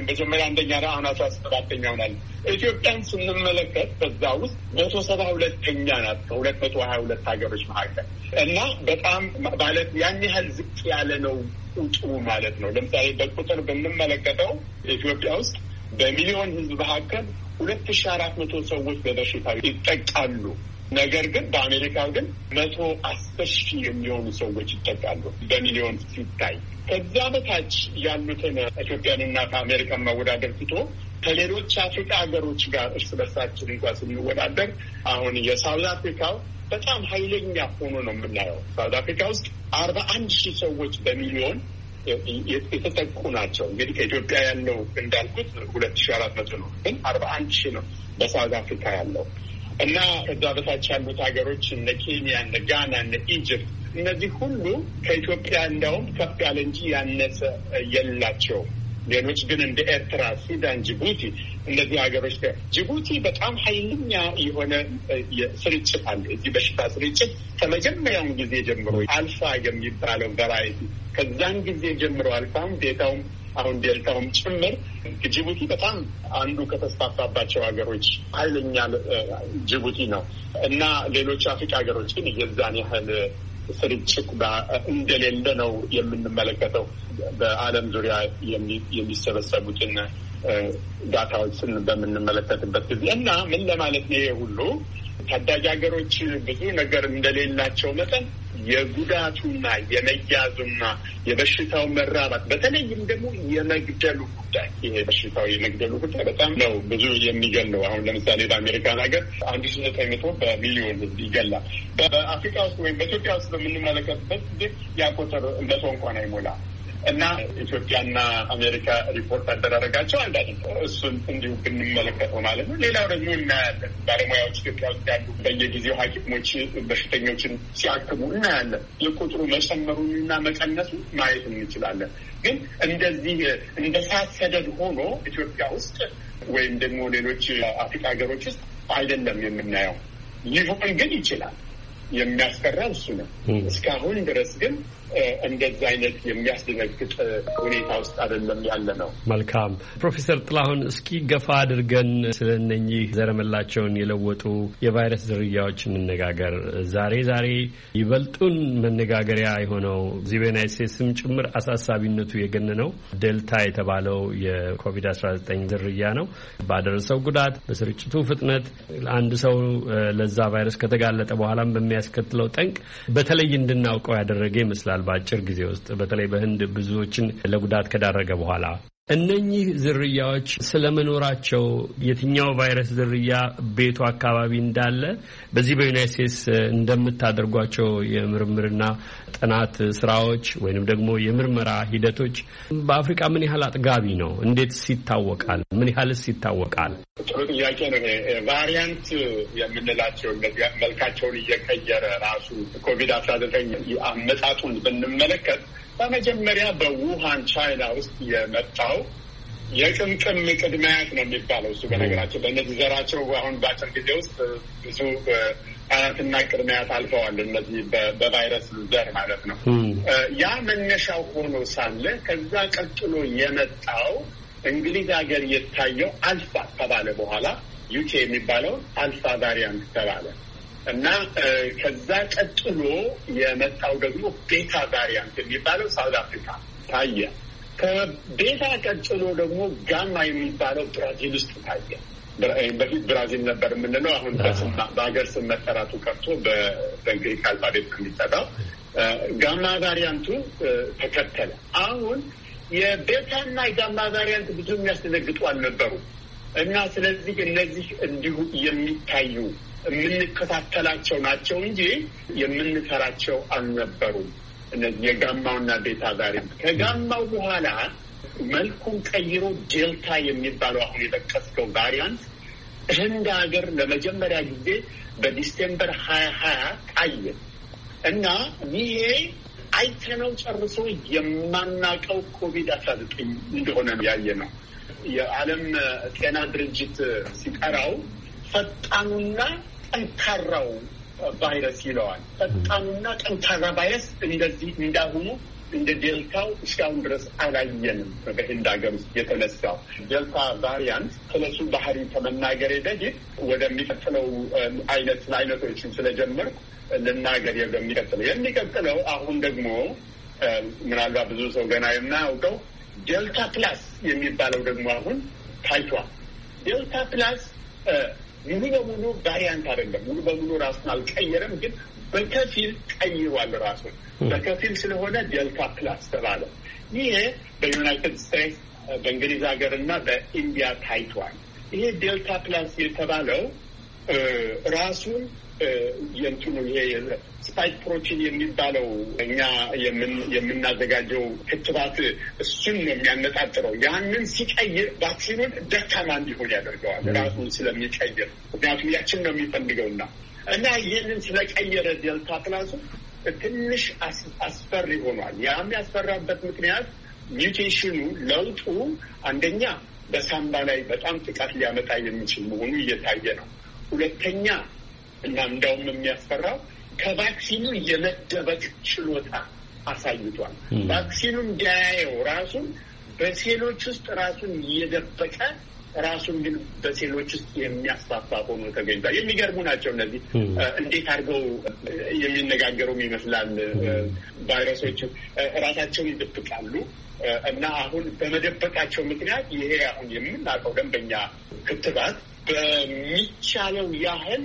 መጀመሪያ አንደኛ ነ አሁን አስራ ሰባተኛ ሆናለች። ኢትዮጵያን ስንመለከት በዛ ውስጥ መቶ ሰባ ሁለተኛ ናት ከሁለት መቶ ሀያ ሁለት ሀገሮች መካከል እና በጣም ማለት ያን ያህል ዝቅ ያለ ነው ቁጥሩ ማለት ነው። ለምሳሌ በቁጥር ብንመለከተው ኢትዮጵያ ውስጥ በሚሊዮን ህዝብ መካከል ሁለት ሺ አራት መቶ ሰዎች በበሽታ ይጠቃሉ። ነገር ግን በአሜሪካ ግን መቶ አስር ሺህ የሚሆኑ ሰዎች ይጠቃሉ በሚሊዮን ሲታይ። ከዛ በታች ያሉትን ኢትዮጵያንና ከአሜሪካን ማወዳደር ትቶ ከሌሎች አፍሪካ ሀገሮች ጋር እርስ በርሳችን እንኳ ስንወዳደር አሁን የሳውዝ አፍሪካው በጣም ኃይለኛ ሆኖ ነው የምናየው። ሳውዝ አፍሪካ ውስጥ አርባ አንድ ሺህ ሰዎች በሚሊዮን የተጠቁ ናቸው። እንግዲህ ከኢትዮጵያ ያለው እንዳልኩት ሁለት ሺህ አራት መቶ ነው፣ ግን አርባ አንድ ሺህ ነው በሳውዝ አፍሪካ ያለው እና ከዛ በታች ያሉት ሀገሮች እነ ኬንያ፣ እነ ጋና፣ እነ ኢጅፕት እነዚህ ሁሉ ከኢትዮጵያ እንዲያውም ከፍ ያለ እንጂ ያነሰ የላቸውም። ሌሎች ግን እንደ ኤርትራ፣ ሱዳን፣ ጅቡቲ እነዚህ ሀገሮች ጅቡቲ በጣም ኃይለኛ የሆነ ስርጭት አለ። እዚህ በሽታ ስርጭት ከመጀመሪያውን ጊዜ ጀምሮ አልፋ የሚባለው ቨራይቲ ከዛን ጊዜ ጀምሮ አልፋም ቤታውም አሁን ዴልታውም ጭምር ጅቡቲ በጣም አንዱ ከተስፋፋባቸው ሀገሮች ኃይለኛ ጅቡቲ ነው እና ሌሎች አፍሪካ ሀገሮች ግን የዛን ያህል ስርጭት እንደሌለ ነው የምንመለከተው። በዓለም ዙሪያ የሚሰበሰቡትን ዳታዎችን በምንመለከትበት ጊዜ እና ምን ለማለት ይሄ ሁሉ ታዳጊ ሀገሮች ብዙ ነገር እንደሌላቸው መጠን የጉዳቱና የመያዙና የበሽታው መራባት በተለይም ደግሞ የመግደሉ ጉዳይ ይሄ በሽታው የመግደሉ ጉዳይ በጣም ነው ብዙ ነው አሁን ለምሳሌ በአሜሪካን ሀገር አንድ ሺ ዘጠኝ መቶ በሚሊዮን ይገላል። በአፍሪካ ውስጥ ወይም በኢትዮጵያ ውስጥ በምንመለከትበት ጊዜ ያ ቁጥር መቶ እንኳን አይሞላ እና ኢትዮጵያና አሜሪካ ሪፖርት አደራረጋቸው አንዳንድ እሱን እንዲሁ ብንመለከተው ማለት ነው። ሌላው ደግሞ እናያለን ባለሙያዎች ኢትዮጵያ ውስጥ ያሉ በየጊዜው ሐኪሞች በሽተኞችን ሲያክሙ እናያለን። የቁጥሩ እና መቀነሱ ማየት እንችላለን። ግን እንደዚህ እንደ እሳት ሰደድ ሆኖ ኢትዮጵያ ውስጥ ወይም ደግሞ ሌሎች አፍሪካ ሀገሮች ውስጥ አይደለም የምናየው። ሊሆን ግን ይችላል። የሚያስፈራ እሱ ነው። እስካሁን ድረስ ግን እንደዚህ አይነት የሚያስደነግጥ ሁኔታ ውስጥ አይደለም ያለ ነው። መልካም ፕሮፌሰር ጥላሁን እስኪ ገፋ አድርገን ስለ እነኚህ ዘረመላቸውን የለወጡ የቫይረስ ዝርያዎች እንነጋገር። ዛሬ ዛሬ ይበልጡን መነጋገሪያ የሆነው እዚህ በዩናይት ስቴትስም ጭምር አሳሳቢነቱ ነው ዴልታ የተባለው የኮቪድ-19 ዝርያ ነው። ባደረሰው ጉዳት፣ በስርጭቱ ፍጥነት አንድ ሰው ለዛ ቫይረስ ከተጋለጠ በኋላም በሚያስከትለው ጠንቅ በተለይ እንድናውቀው ያደረገ ይመስላል። ችሏል በአጭር ጊዜ ውስጥ በተለይ በህንድ ብዙዎችን ለጉዳት ከዳረገ በኋላ እነኚህ ዝርያዎች ስለመኖራቸው የትኛው ቫይረስ ዝርያ ቤቱ አካባቢ እንዳለ በዚህ በዩናይት ስቴትስ እንደምታደርጓቸው የምርምርና ጥናት ስራዎች ወይንም ደግሞ የምርመራ ሂደቶች በአፍሪካ ምን ያህል አጥጋቢ ነው? እንዴትስ ይታወቃል? ምን ያህልስ ይታወቃል? ጥሩ ጥያቄ ነው። ቫሪያንት የምንላቸው እነዚህ መልካቸውን እየቀየረ ራሱ ኮቪድ አስራ ዘጠኝ አመጣጡን ብንመለከት በመጀመሪያ በውሃን ቻይና ውስጥ የመጣው የቅምቅም ቅድመያት ነው የሚባለው እሱ። በነገራቸው በእነዚህ ዘራቸው አሁን በአጭር ጊዜ ውስጥ ብዙ አያትና ቅድሚያት አልፈዋል። እነዚህ በቫይረስ ዘር ማለት ነው። ያ መነሻው ሆኖ ሳለ ከዛ ቀጥሎ የመጣው እንግሊዝ ሀገር የታየው አልፋ ተባለ በኋላ ዩኬ የሚባለው አልፋ ቫሪያንት ተባለ እና ከዛ ቀጥሎ የመጣው ደግሞ ቤታ ቫሪያንት የሚባለው ሳውት አፍሪካ ታየ። ከቤታ ቀጥሎ ደግሞ ጋማ የሚባለው ብራዚል ውስጥ ታየ። በፊት ብራዚል ነበር የምንለው። አሁን በሀገር ስም መጠራቱ ቀርቶ በግሪክ አልፋቤት የሚጠራው ጋማ ቫሪያንቱ ተከተለ። አሁን የቤታና የጋማ ቫሪያንት ብዙ የሚያስደነግጡ አልነበሩ እና ስለዚህ እነዚህ እንዲሁ የሚታዩ የምንከታተላቸው ናቸው እንጂ የምንፈራቸው አልነበሩም። እነዚህ የጋማውና ቤታ ቫሪያንት ከጋማው በኋላ መልኩን ቀይሮ ዴልታ የሚባለው አሁን የጠቀስከው ቫሪያንት ህንድ ሀገር ለመጀመሪያ ጊዜ በዲሴምበር ሀያ ሀያ ታየ እና ይሄ አይተነው ጨርሶ የማናቀው ኮቪድ አስራ ዘጠኝ እንደሆነ ያየ ነው። የዓለም ጤና ድርጅት ሲጠራው ፈጣኑና ጠንካራው ቫይረስ ይለዋል። ፈጣኑና ጠንካራ ቫይረስ እንደዚህ እንዳሁኑ እንደ ዴልታው እስካሁን ድረስ አላየንም። በህንድ ሀገር ውስጥ የተነሳው ዴልታ ቫሪያንት ስለሱ ባህሪ ከመናገር በፊት ወደሚቀጥለው አይነት አይነቶችን ስለጀመር ልናገር የሚቀጥለው የሚቀጥለው አሁን ደግሞ ምናልባት ብዙ ሰው ገና የማያውቀው ዴልታ ፕላስ የሚባለው ደግሞ አሁን ታይቷል። ዴልታ ፕላስ ሙሉ በሙሉ ቫሪያንት አይደለም፣ ሙሉ በሙሉ ራሱን አልቀየረም፣ ግን በከፊል ቀይሯል ራሱ በከፊል ስለሆነ ዴልታ ፕላስ ተባለ። ይሄ በዩናይትድ ስቴትስ በእንግሊዝ ሀገር እና በኢንዲያ ታይቷል። ይሄ ዴልታ ፕላስ የተባለው ራሱን የእንትኑ ይሄ ስፓይክ ፕሮቲን የሚባለው እኛ የምናዘጋጀው ክትባት እሱን ነው የሚያነጣጥረው። ያንን ሲቀይር ቫክሲኑን ደካማ እንዲሆን ያደርገዋል ራሱን ስለሚቀይር። ምክንያቱም ያችን ነው የሚፈልገውና እና ይህንን ስለቀየረ ዴልታ ክላሱ ትንሽ አስፈሪ ሆኗል። ያ የሚያስፈራበት ምክንያት ሚውቴሽኑ ለውጡ አንደኛ በሳምባ ላይ በጣም ጥቃት ሊያመጣ የሚችል መሆኑ እየታየ ነው። ሁለተኛ እና እንዳውም የሚያስፈራው ከቫክሲኑ የመደበቅ ችሎታ አሳይቷል። ቫክሲኑ እንዲያየው ራሱን በሴሎች ውስጥ ራሱን እየደበቀ ራሱን ግን በሴሎች ውስጥ የሚያስፋፋ ሆኖ ተገኝቷል። የሚገርሙ ናቸው እነዚህ እንዴት አድርገው የሚነጋገሩም ይመስላል። ቫይረሶቹ ራሳቸውን ይደብቃሉ እና አሁን በመደበቃቸው ምክንያት ይሄ አሁን የምናውቀው ደንበኛ ክትባት በሚቻለው ያህል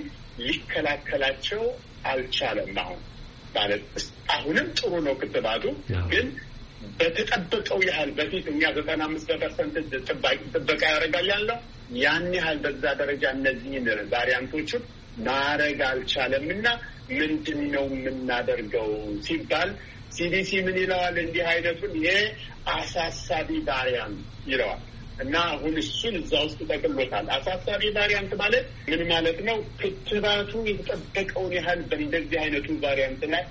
ሊከላከላቸው አልቻለም። አሁን ማለት አሁንም ጥሩ ነው ክትባቱ ግን በተጠበቀው ያህል በፊት እኛ ዘጠና አምስት በፐርሰንት ጥበቃ ያደርጋል ያለው ያን ያህል በዛ ደረጃ እነዚህን ቫሪያንቶችን ማረግ አልቻለም እና ምንድን ነው የምናደርገው ሲባል ሲዲሲ ምን ይለዋል? እንዲህ አይነቱን አሳሳቢ ቫሪያንት ይለዋል እና አሁን እሱን እዛ ውስጥ ጠቅሎታል። አሳሳቢ ቫሪያንት ማለት ምን ማለት ነው? ክትባቱ የተጠበቀውን ያህል በእንደዚህ አይነቱ ቫሪያንት ላይ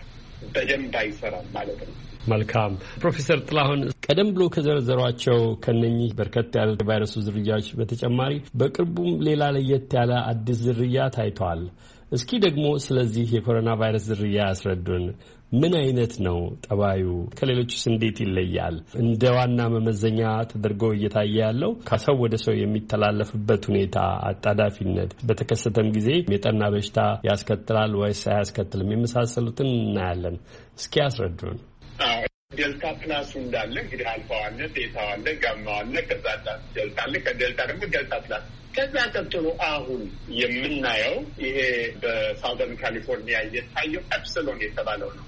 በደንብ አይሰራም ማለት ነው። መልካም ፕሮፌሰር ጥላሁን ቀደም ብሎ ከዘረዘሯቸው ከነኚህ በርከት ያሉ የቫይረሱ ዝርያዎች በተጨማሪ በቅርቡም ሌላ ለየት ያለ አዲስ ዝርያ ታይተዋል። እስኪ ደግሞ ስለዚህ የኮሮና ቫይረስ ዝርያ ያስረዱን። ምን አይነት ነው ጠባዩ? ከሌሎችስ እንዴት ይለያል? እንደ ዋና መመዘኛ ተደርጎ እየታየ ያለው ከሰው ወደ ሰው የሚተላለፍበት ሁኔታ አጣዳፊነት፣ በተከሰተም ጊዜ የጠና በሽታ ያስከትላል ወይስ አያስከትልም? የመሳሰሉትን እናያለን። እስኪ ያስረዱን። ዴልታ ፕላስ እንዳለ እንግዲህ አልፋዋለ፣ ዴታዋለ፣ ጋማዋለ፣ ከዛ ዴልታ አለ፣ ከዴልታ ደግሞ ዴልታ ፕላስ ከዛ ቀጥሎ አሁን የምናየው ይሄ በሳውዘርን ካሊፎርኒያ እየታየው ኤፕሰሎን የተባለው ነው።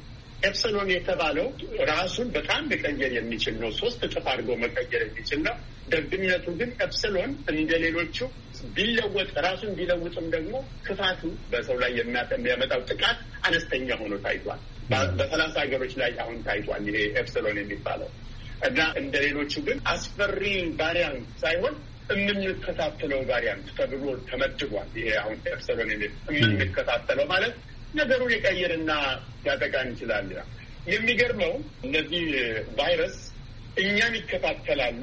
ኤፕሰሎን የተባለው ራሱን በጣም መቀየር የሚችል ነው። ሶስት እጥፍ አድርጎ መቀየር የሚችል ነው። ደግነቱ ግን ኤፕሰሎን እንደሌሎቹ ቢለወጥ ራሱን ቢለውጥም ደግሞ ክፋቱ በሰው ላይ የሚያመጣው ጥቃት አነስተኛ ሆኖ ታይቷል። በሰላሳ ሀገሮች ላይ አሁን ታይቷል ይሄ ኤፕሰሎን የሚባለው እና እንደ ሌሎቹ ግን አስፈሪ ባሪያን ሳይሆን የምንከታተለው ባሪያን ተብሎ ተመድቧል። ይሄ አሁን ኤፕሰሎን የምንከታተለው ማለት ነገሩ የቀየርና ያጠቃ እንችላል። የሚገርመው እነዚህ ቫይረስ እኛን ይከታተላሉ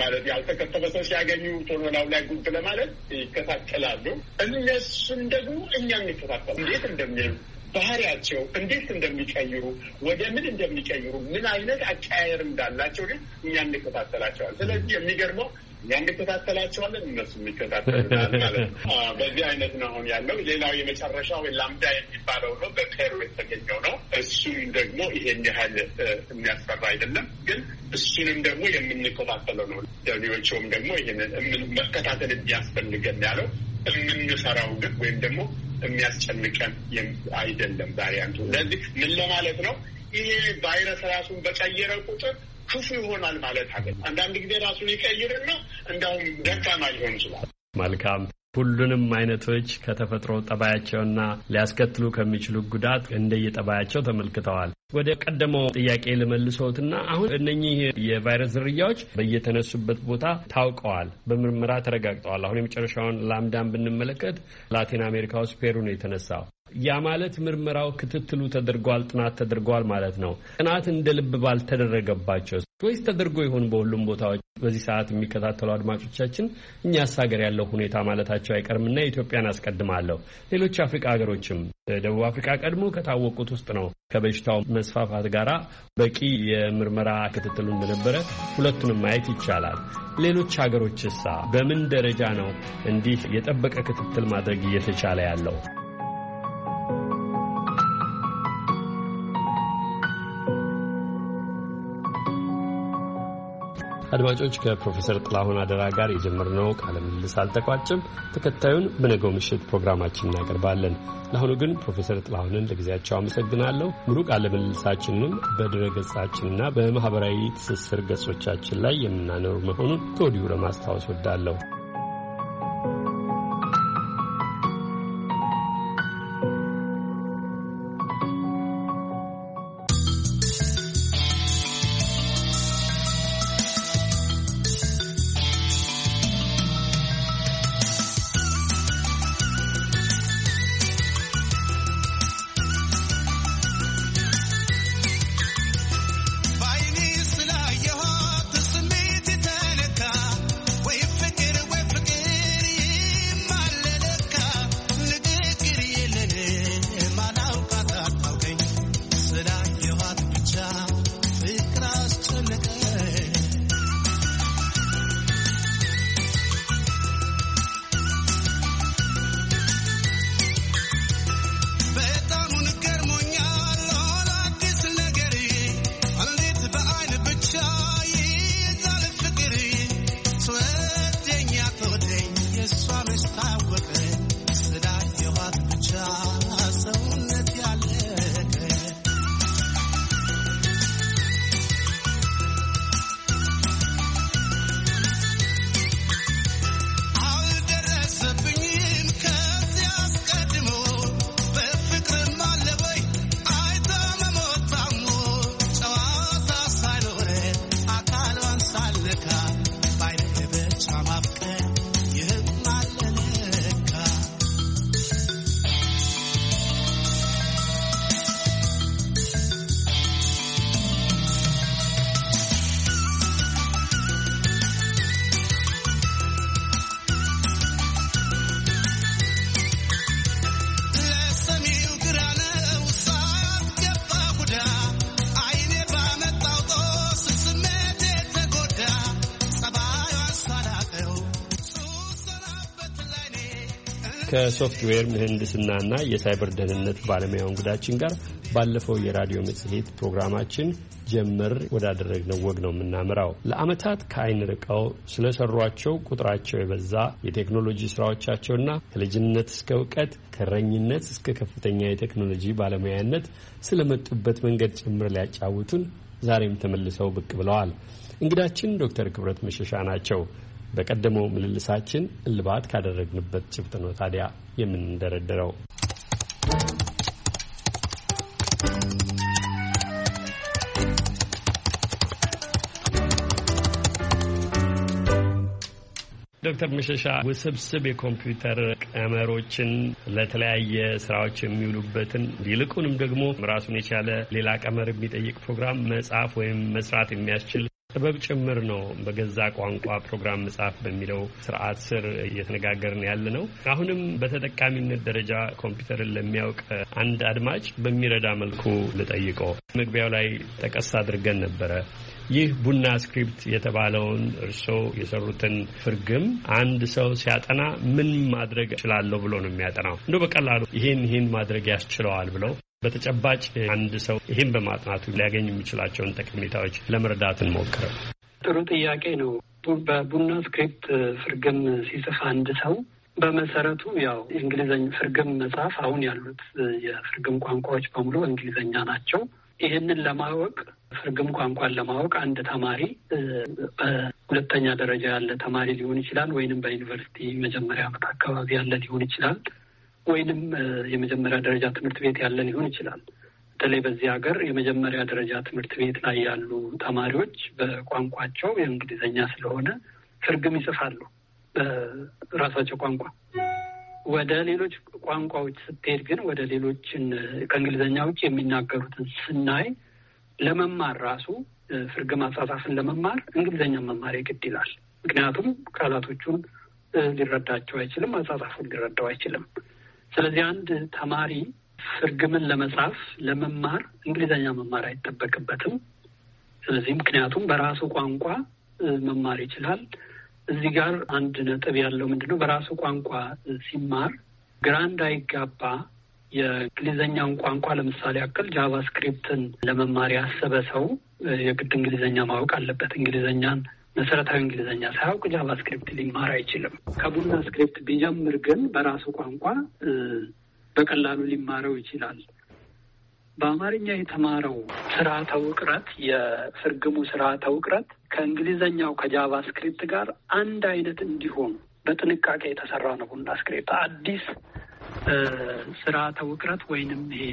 ማለት ያልተከተበ ሰው ሲያገኙ ቶሎላው ላይ ጉድ ለማለት ይከታተላሉ። እነሱም ደግሞ እኛም ይከታተሉ እንዴት እንደሚሉ ባህሪያቸው እንዴት እንደሚቀይሩ ወደ ምን እንደሚቀይሩ ምን አይነት አቀያየር እንዳላቸው ግን እኛ እንከታተላቸዋል። ስለዚህ የሚገርመው እኛ እንከታተላቸዋለን፣ እነሱ የሚከታተሉናል ማለት ነው። በዚህ አይነት ነው አሁን ያለው። ሌላው የመጨረሻው ላምዳ የሚባለው ነው፣ በፔሩ የተገኘው ነው። እሱም ደግሞ ይሄን ያህል የሚያስፈራ አይደለም፣ ግን እሱንም ደግሞ የምንከታተለው ነው። ደብሊዎችም ደግሞ ይህንን መከታተል የሚያስፈልገን ያለው የምንሰራው ግን ወይም ደግሞ የሚያስጨንቀን አይደለም። ቫሪያንቱ። ስለዚህ ምን ለማለት ነው ይሄ ቫይረስ ራሱን በቀየረ ቁጥር ክፉ ይሆናል ማለት አገ አንዳንድ ጊዜ ራሱን ይቀይርና እንዳውም ደካማ ሊሆን ይችላል። መልካም ሁሉንም አይነቶች ከተፈጥሮ ጠባያቸውና ሊያስከትሉ ከሚችሉ ጉዳት እንደየጠባያቸው ተመልክተዋል። ወደ ቀደመው ጥያቄ ልመልሶትና አሁን እነኚህ የቫይረስ ዝርያዎች በየተነሱበት ቦታ ታውቀዋል፣ በምርመራ ተረጋግጠዋል። አሁን የመጨረሻውን ላምዳን ብንመለከት ላቲን አሜሪካ ውስጥ ፔሩ ነው የተነሳው። ያ ማለት ምርመራው፣ ክትትሉ ተደርጓል፣ ጥናት ተደርጓል ማለት ነው። ጥናት እንደ ልብ ባልተደረገባቸው ወይስ ተደርጎ ይሆን በሁሉም ቦታዎች? በዚህ ሰዓት የሚከታተሉ አድማጮቻችን እኛስ ሀገር ያለው ሁኔታ ማለታቸው አይቀርምና ኢትዮጵያን አስቀድማለሁ። ሌሎች አፍሪካ ሀገሮችም ደቡብ አፍሪካ ቀድሞ ከታወቁት ውስጥ ነው። ከበሽታው መስፋፋት ጋር በቂ የምርመራ ክትትሉ እንደነበረ ሁለቱንም ማየት ይቻላል። ሌሎች ሀገሮችሳ በምን ደረጃ ነው እንዲህ የጠበቀ ክትትል ማድረግ እየተቻለ ያለው? አድማጮች ከፕሮፌሰር ጥላሁን አደራ ጋር የጀመርነው ቃለ ምልልስ አልተቋጭም። ተከታዩን በነገው ምሽት ፕሮግራማችን እናቀርባለን። ለአሁኑ ግን ፕሮፌሰር ጥላሁንን ለጊዜያቸው አመሰግናለሁ። ሙሉ ቃለ ምልልሳችንንም በድረ ገጻችንና በማኅበራዊ ትስስር ገጾቻችን ላይ የምናኖር መሆኑን ከወዲሁ ለማስታወስ ወዳለሁ። ከሶፍትዌር ምህንድስናና የሳይበር ደህንነት ባለሙያ እንግዳችን ጋር ባለፈው የራዲዮ መጽሔት ፕሮግራማችን ጀምር ወዳደረግነው ወግ ነው የምናምራው። ለዓመታት ከአይን ርቀው ስለሰሯቸው ቁጥራቸው የበዛ የቴክኖሎጂ ስራዎቻቸውና ከልጅነት እስከ እውቀት ከረኝነት እስከ ከፍተኛ የቴክኖሎጂ ባለሙያነት ስለመጡበት መንገድ ጭምር ሊያጫውቱን ዛሬም ተመልሰው ብቅ ብለዋል። እንግዳችን ዶክተር ክብረት መሸሻ ናቸው። በቀደመው ምልልሳችን እልባት ካደረግንበት ጭብጥ ነው ታዲያ የምንደረደረው። ዶክተር መሸሻ ውስብስብ የኮምፒውተር ቀመሮችን ለተለያየ ስራዎች የሚውሉበትን ይልቁንም ደግሞ ራሱን የቻለ ሌላ ቀመር የሚጠይቅ ፕሮግራም መጽሐፍ ወይም መስራት የሚያስችል ጥበብ ጭምር ነው በገዛ ቋንቋ ፕሮግራም መጽሐፍ በሚለው ስርዓት ስር እየተነጋገርን ያለ ነው። አሁንም በተጠቃሚነት ደረጃ ኮምፒውተርን ለሚያውቅ አንድ አድማጭ በሚረዳ መልኩ ልጠይቆ መግቢያው ላይ ጠቀስ አድርገን ነበረ። ይህ ቡና ስክሪፕት የተባለውን እርስዎ የሰሩትን ፍርግም አንድ ሰው ሲያጠና ምን ማድረግ እችላለሁ ብሎ ነው የሚያጠናው? እንደ በቀላሉ ይሄን ይሄን ማድረግ ያስችለዋል ብለው በተጨባጭ አንድ ሰው ይህን በማጥናቱ ሊያገኝ የሚችላቸውን ጠቀሜታዎች ለመረዳት እንሞክረው። ጥሩ ጥያቄ ነው። በቡና ስክሪፕት ፍርግም ሲጽፍ አንድ ሰው በመሰረቱ ያው እንግሊዘኛ ፍርግም መጽሐፍ አሁን ያሉት የፍርግም ቋንቋዎች በሙሉ እንግሊዘኛ ናቸው። ይህንን ለማወቅ ፍርግም ቋንቋን ለማወቅ አንድ ተማሪ በሁለተኛ ደረጃ ያለ ተማሪ ሊሆን ይችላል፣ ወይንም በዩኒቨርሲቲ መጀመሪያ ዓመት አካባቢ ያለ ሊሆን ይችላል። ወይንም የመጀመሪያ ደረጃ ትምህርት ቤት ያለ ሊሆን ይችላል። በተለይ በዚህ ሀገር የመጀመሪያ ደረጃ ትምህርት ቤት ላይ ያሉ ተማሪዎች በቋንቋቸው የእንግሊዝኛ ስለሆነ ፍርግም ይጽፋሉ በራሳቸው ቋንቋ። ወደ ሌሎች ቋንቋዎች ስትሄድ ግን ወደ ሌሎችን ከእንግሊዝኛ ውጭ የሚናገሩትን ስናይ ለመማር ራሱ ፍርግም አጻጻፍን ለመማር እንግሊዝኛ መማር ግድ ይላል። ምክንያቱም ቃላቶቹን ሊረዳቸው አይችልም፣ አጻጻፉን ሊረዳው አይችልም። ስለዚህ አንድ ተማሪ ፍርግምን ለመጻፍ ለመማር እንግሊዝኛ መማር አይጠበቅበትም። ስለዚህ ምክንያቱም በራሱ ቋንቋ መማር ይችላል። እዚህ ጋር አንድ ነጥብ ያለው ነው? በራሱ ቋንቋ ሲማር ግራ እንዳይጋባ የእንግሊዝኛውን ቋንቋ ለምሳሌ ያክል ጃቫስክሪፕትን ለመማር ያሰበ ሰው የግድ እንግሊዝኛ ማወቅ አለበት። እንግሊዝኛን መሰረታዊ እንግሊዝኛ ሳያውቅ ጃቫስክሪፕት ሊማር አይችልም። ከቡና ስክሪፕት ቢጀምር ግን በራሱ ቋንቋ በቀላሉ ሊማረው ይችላል። በአማርኛ የተማረው ስርዓተ ውቅረት የፍርግሙ ስርዓተ ውቅረት ከእንግሊዘኛው ከጃቫስክሪፕት ጋር አንድ አይነት እንዲሆን በጥንቃቄ የተሰራ ነው። ቡና ስክሪፕት አዲስ ስርዓተ ውቅረት ወይንም ይሄ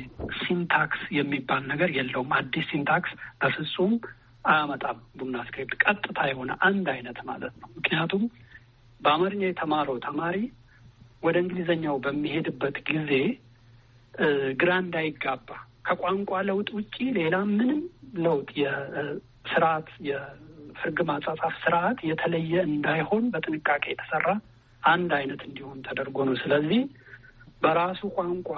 ሲንታክስ የሚባል ነገር የለውም። አዲስ ሲንታክስ በፍጹም አያመጣም። ቡና ስክሪፕት ቀጥታ የሆነ አንድ አይነት ማለት ነው። ምክንያቱም በአማርኛ የተማረው ተማሪ ወደ እንግሊዘኛው በሚሄድበት ጊዜ ግራ እንዳይጋባ ከቋንቋ ለውጥ ውጪ ሌላ ምንም ለውጥ የስርዓት የፍርግ ማጻጻፍ ስርዓት የተለየ እንዳይሆን በጥንቃቄ የተሰራ አንድ አይነት እንዲሆን ተደርጎ ነው። ስለዚህ በራሱ ቋንቋ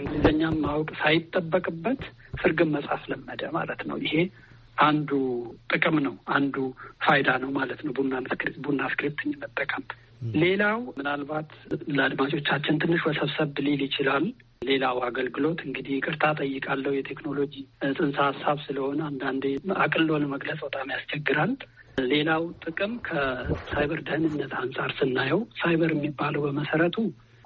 እንግሊዝኛም ማወቅ ሳይጠበቅበት ፍርግን መጻፍ ለመደ ማለት ነው። ይሄ አንዱ ጥቅም ነው፣ አንዱ ፋይዳ ነው ማለት ነው። ቡና ቡና ስክሪፕትን መጠቀም። ሌላው ምናልባት ለአድማጮቻችን ትንሽ ወሰብሰብ ሊል ይችላል። ሌላው አገልግሎት እንግዲህ ይቅርታ ጠይቃለሁ፣ የቴክኖሎጂ ጽንሰ ሀሳብ ስለሆነ አንዳንዴ አቅሎ ለመግለጽ በጣም ያስቸግራል። ሌላው ጥቅም ከሳይበር ደህንነት አንጻር ስናየው ሳይበር የሚባለው በመሰረቱ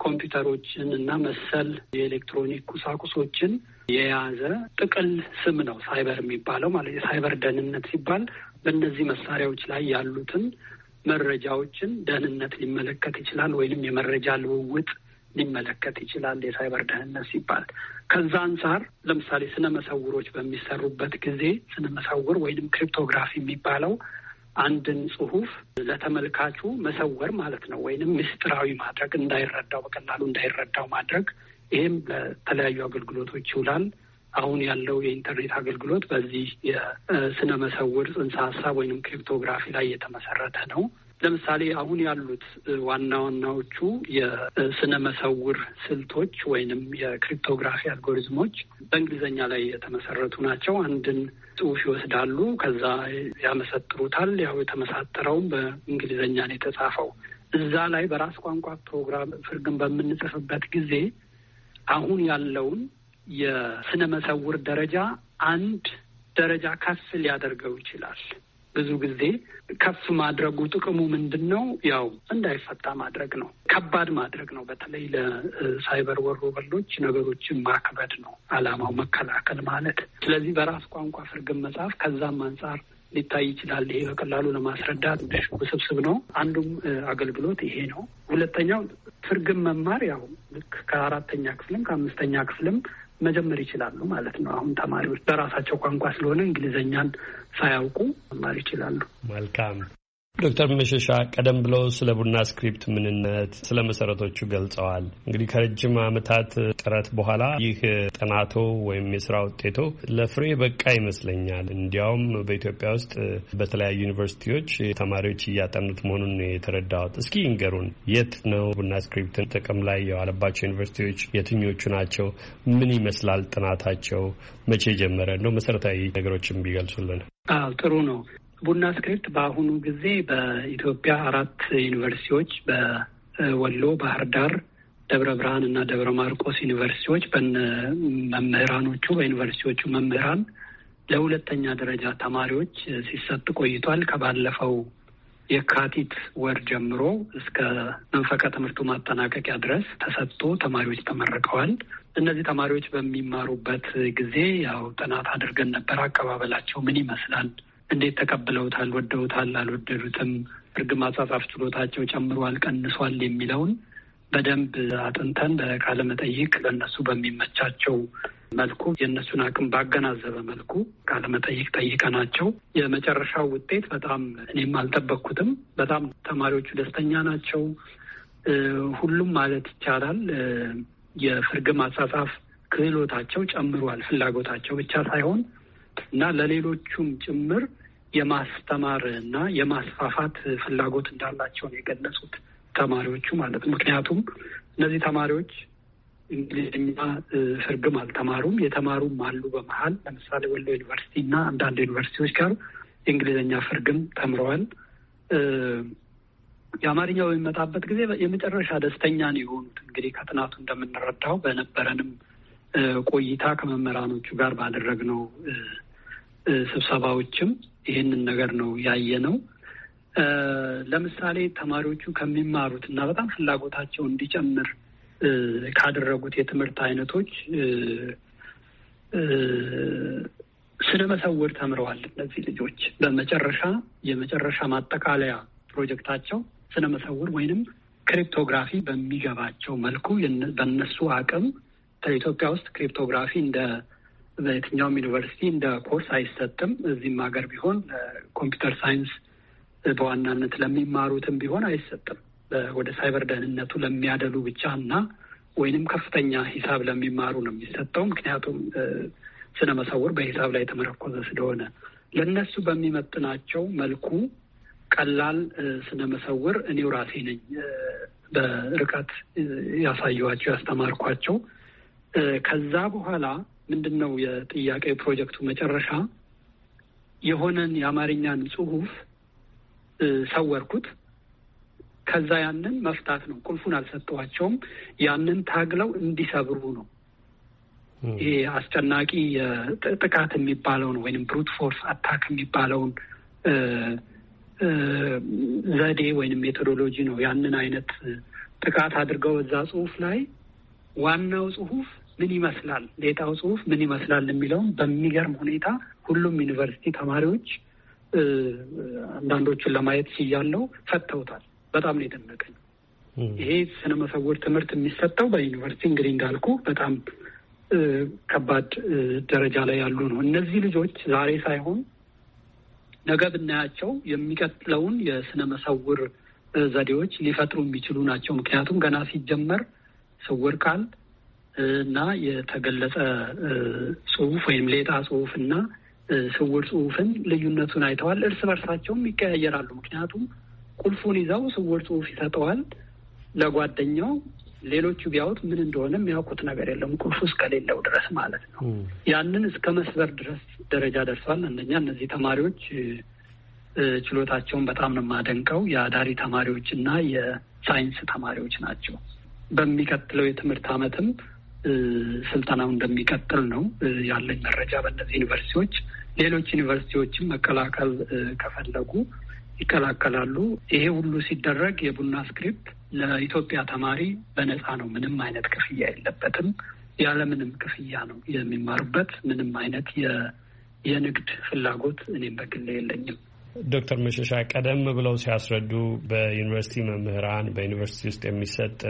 ኮምፒውተሮችን እና መሰል የኤሌክትሮኒክ ቁሳቁሶችን የያዘ ጥቅል ስም ነው ሳይበር የሚባለው ማለት የሳይበር ደህንነት ሲባል በእነዚህ መሳሪያዎች ላይ ያሉትን መረጃዎችን ደህንነት ሊመለከት ይችላል ወይንም የመረጃ ልውውጥ ሊመለከት ይችላል የሳይበር ደህንነት ሲባል። ከዛ አንጻር ለምሳሌ ስነ መሰውሮች በሚሰሩበት ጊዜ ስነ መሰውር ወይንም ክሪፕቶግራፊ የሚባለው አንድን ጽሁፍ ለተመልካቹ መሰወር ማለት ነው፣ ወይንም ምስጢራዊ ማድረግ እንዳይረዳው፣ በቀላሉ እንዳይረዳው ማድረግ። ይህም ለተለያዩ አገልግሎቶች ይውላል። አሁን ያለው የኢንተርኔት አገልግሎት በዚህ የስነ መሰውር ጽንሰ ሀሳብ ወይንም ክሪፕቶግራፊ ላይ የተመሰረተ ነው። ለምሳሌ አሁን ያሉት ዋና ዋናዎቹ የስነ መሰውር ስልቶች ወይንም የክሪፕቶግራፊ አልጎሪዝሞች በእንግሊዝኛ ላይ የተመሰረቱ ናቸው። አንድን ጽሑፍ ይወስዳሉ፣ ከዛ ያመሰጥሩታል። ያው የተመሳጠረውም በእንግሊዝኛ ነው የተጻፈው። እዛ ላይ በራስ ቋንቋ ፕሮግራም ፍርግን በምንጽፍበት ጊዜ አሁን ያለውን የስነ መሰውር ደረጃ አንድ ደረጃ ከፍ ሊያደርገው ይችላል። ብዙ ጊዜ ከፍ ማድረጉ ጥቅሙ ምንድን ነው? ያው እንዳይፈታ ማድረግ ነው፣ ከባድ ማድረግ ነው። በተለይ ለሳይበር ወሮበሎች ነገሮችን ማክበድ ነው አላማው፣ መከላከል ማለት። ስለዚህ በራስ ቋንቋ ፍርግን መጽሐፍ ከዛም አንጻር ሊታይ ይችላል። ይሄ በቀላሉ ለማስረዳት ትንሽ ውስብስብ ነው። አንዱም አገልግሎት ይሄ ነው። ሁለተኛው ፍርግም መማር ያው ልክ ከአራተኛ ክፍልም ከአምስተኛ ክፍልም መጀመር ይችላሉ ማለት ነው። አሁን ተማሪዎች በራሳቸው ቋንቋ ስለሆነ እንግሊዘኛን ሳያውቁ መማር ይችላሉ። መልካም ዶክተር መሸሻ ቀደም ብለው ስለ ቡና ስክሪፕት ምንነት ስለ መሰረቶቹ ገልጸዋል። እንግዲህ ከረጅም ዓመታት ጥረት በኋላ ይህ ጥናቶ ወይም የስራ ውጤቶ ለፍሬ በቃ ይመስለኛል። እንዲያውም በኢትዮጵያ ውስጥ በተለያዩ ዩኒቨርሲቲዎች ተማሪዎች እያጠኑት መሆኑን የተረዳሁት። እስኪ ይንገሩን፣ የት ነው ቡና ስክሪፕትን ጥቅም ላይ የዋለባቸው ዩኒቨርሲቲዎች የትኞቹ ናቸው? ምን ይመስላል ጥናታቸው? መቼ ጀመረ? እንደው መሰረታዊ ነገሮችን ቢገልጹልን። ጥሩ ነው። ቡና ስክሪፕት በአሁኑ ጊዜ በኢትዮጵያ አራት ዩኒቨርሲቲዎች በወሎ፣ ባህር ዳር፣ ደብረ ብርሃን እና ደብረ ማርቆስ ዩኒቨርሲቲዎች መምህራኖቹ በዩኒቨርሲቲዎቹ መምህራን ለሁለተኛ ደረጃ ተማሪዎች ሲሰጥ ቆይቷል። ከባለፈው የካቲት ወር ጀምሮ እስከ መንፈቀ ትምህርቱ ማጠናቀቂያ ድረስ ተሰጥቶ ተማሪዎች ተመርቀዋል። እነዚህ ተማሪዎች በሚማሩበት ጊዜ ያው ጥናት አድርገን ነበር። አቀባበላቸው ምን ይመስላል እንዴት ተቀብለውታል፣ ወደውታል፣ አልወደዱትም፣ እርግማ ማጻጻፍ ችሎታቸው ጨምሯል፣ ቀንሷል የሚለውን በደንብ አጥንተን በቃለ መጠይቅ በእነሱ በሚመቻቸው መልኩ የእነሱን አቅም ባገናዘበ መልኩ ቃለ መጠይቅ ጠይቀናቸው የመጨረሻው ውጤት በጣም እኔም አልጠበቅኩትም። በጣም ተማሪዎቹ ደስተኛ ናቸው። ሁሉም ማለት ይቻላል የፍርግ ማጻጻፍ ክህሎታቸው ጨምሯል። ፍላጎታቸው ብቻ ሳይሆን እና ለሌሎቹም ጭምር የማስተማር እና የማስፋፋት ፍላጎት እንዳላቸውን የገለጹት ተማሪዎቹ ማለት ነው። ምክንያቱም እነዚህ ተማሪዎች እንግሊዝኛ ፍርግም አልተማሩም፣ የተማሩም አሉ። በመሀል ለምሳሌ ወሎ ዩኒቨርሲቲ እና አንዳንድ ዩኒቨርሲቲዎች ጋር የእንግሊዝኛ ፍርግም ተምረዋል። የአማርኛው በሚመጣበት ጊዜ የመጨረሻ ደስተኛ ነው የሆኑት። እንግዲህ ከጥናቱ እንደምንረዳው በነበረንም ቆይታ ከመምህራኖቹ ጋር ባደረግነው ስብሰባዎችም ይህንን ነገር ነው ያየ ነው። ለምሳሌ ተማሪዎቹ ከሚማሩት እና በጣም ፍላጎታቸው እንዲጨምር ካደረጉት የትምህርት አይነቶች ስነ መሰውር ተምረዋል። እነዚህ ልጆች በመጨረሻ የመጨረሻ ማጠቃለያ ፕሮጀክታቸው ስነ መሰውር ወይንም ክሪፕቶግራፊ በሚገባቸው መልኩ በእነሱ አቅም ኢትዮጵያ ውስጥ ክሪፕቶግራፊ እንደ በየትኛውም ዩኒቨርሲቲ እንደ ኮርስ አይሰጥም። እዚህም ሀገር ቢሆን ኮምፒውተር ሳይንስ በዋናነት ለሚማሩትም ቢሆን አይሰጥም። ወደ ሳይበር ደህንነቱ ለሚያደሉ ብቻ እና ወይንም ከፍተኛ ሂሳብ ለሚማሩ ነው የሚሰጠው። ምክንያቱም ስነ መሰውር በሂሳብ ላይ የተመረኮዘ ስለሆነ ለእነሱ በሚመጥናቸው መልኩ ቀላል ስነ መሰውር እኔው ራሴ ነኝ በርቀት ያሳየኋቸው ያስተማርኳቸው። ከዛ በኋላ ምንድን ነው የጥያቄ ፕሮጀክቱ መጨረሻ የሆነን የአማርኛን ጽሁፍ ሰወርኩት። ከዛ ያንን መፍታት ነው። ቁልፉን አልሰጠዋቸውም። ያንን ታግለው እንዲሰብሩ ነው። ይሄ አስጨናቂ ጥቃት የሚባለውን ወይም ብሩት ፎርስ አታክ የሚባለውን ዘዴ ወይም ሜቶዶሎጂ ነው። ያንን አይነት ጥቃት አድርገው እዛ ጽሁፍ ላይ ዋናው ጽሁፍ ምን ይመስላል ዴታው ጽሁፍ ምን ይመስላል የሚለውን በሚገርም ሁኔታ ሁሉም ዩኒቨርሲቲ ተማሪዎች አንዳንዶቹን ለማየት ሲያለው ፈተውታል። በጣም ነው የደነቀኝ። ይሄ ስነ መሰወር ትምህርት የሚሰጠው በዩኒቨርሲቲ እንግዲህ እንዳልኩ በጣም ከባድ ደረጃ ላይ ያሉ ነው። እነዚህ ልጆች ዛሬ ሳይሆን ነገ ብናያቸው የሚቀጥለውን የስነ መሰውር ዘዴዎች ሊፈጥሩ የሚችሉ ናቸው። ምክንያቱም ገና ሲጀመር ስውር ቃል እና የተገለጸ ጽሁፍ ወይም ሌጣ ጽሁፍ እና ስውር ጽሁፍን ልዩነቱን አይተዋል። እርስ በርሳቸውም ይቀያየራሉ። ምክንያቱም ቁልፉን ይዘው ስውር ጽሁፍ ይሰጠዋል ለጓደኛው። ሌሎቹ ቢያዩት ምን እንደሆነ የሚያውቁት ነገር የለም ቁልፉ እስከሌለው ድረስ ማለት ነው። ያንን እስከ መስበር ድረስ ደረጃ ደርሷል። አንደኛ እነዚህ ተማሪዎች ችሎታቸውን በጣም ነው የማደንቀው። የአዳሪ ተማሪዎች እና የሳይንስ ተማሪዎች ናቸው። በሚቀጥለው የትምህርት ዓመትም ስልጠናው እንደሚቀጥል ነው ያለኝ መረጃ በእነዚህ ዩኒቨርሲቲዎች። ሌሎች ዩኒቨርሲቲዎችም መቀላቀል ከፈለጉ ይቀላቀላሉ። ይሄ ሁሉ ሲደረግ የቡና ስክሪፕት ለኢትዮጵያ ተማሪ በነፃ ነው። ምንም አይነት ክፍያ የለበትም። ያለምንም ክፍያ ነው የሚማሩበት። ምንም አይነት የንግድ ፍላጎት እኔም በግሌ የለኝም። ዶክተር መሸሻ ቀደም ብለው ሲያስረዱ በዩኒቨርሲቲ መምህራን በዩኒቨርሲቲ ውስጥ የሚሰጥ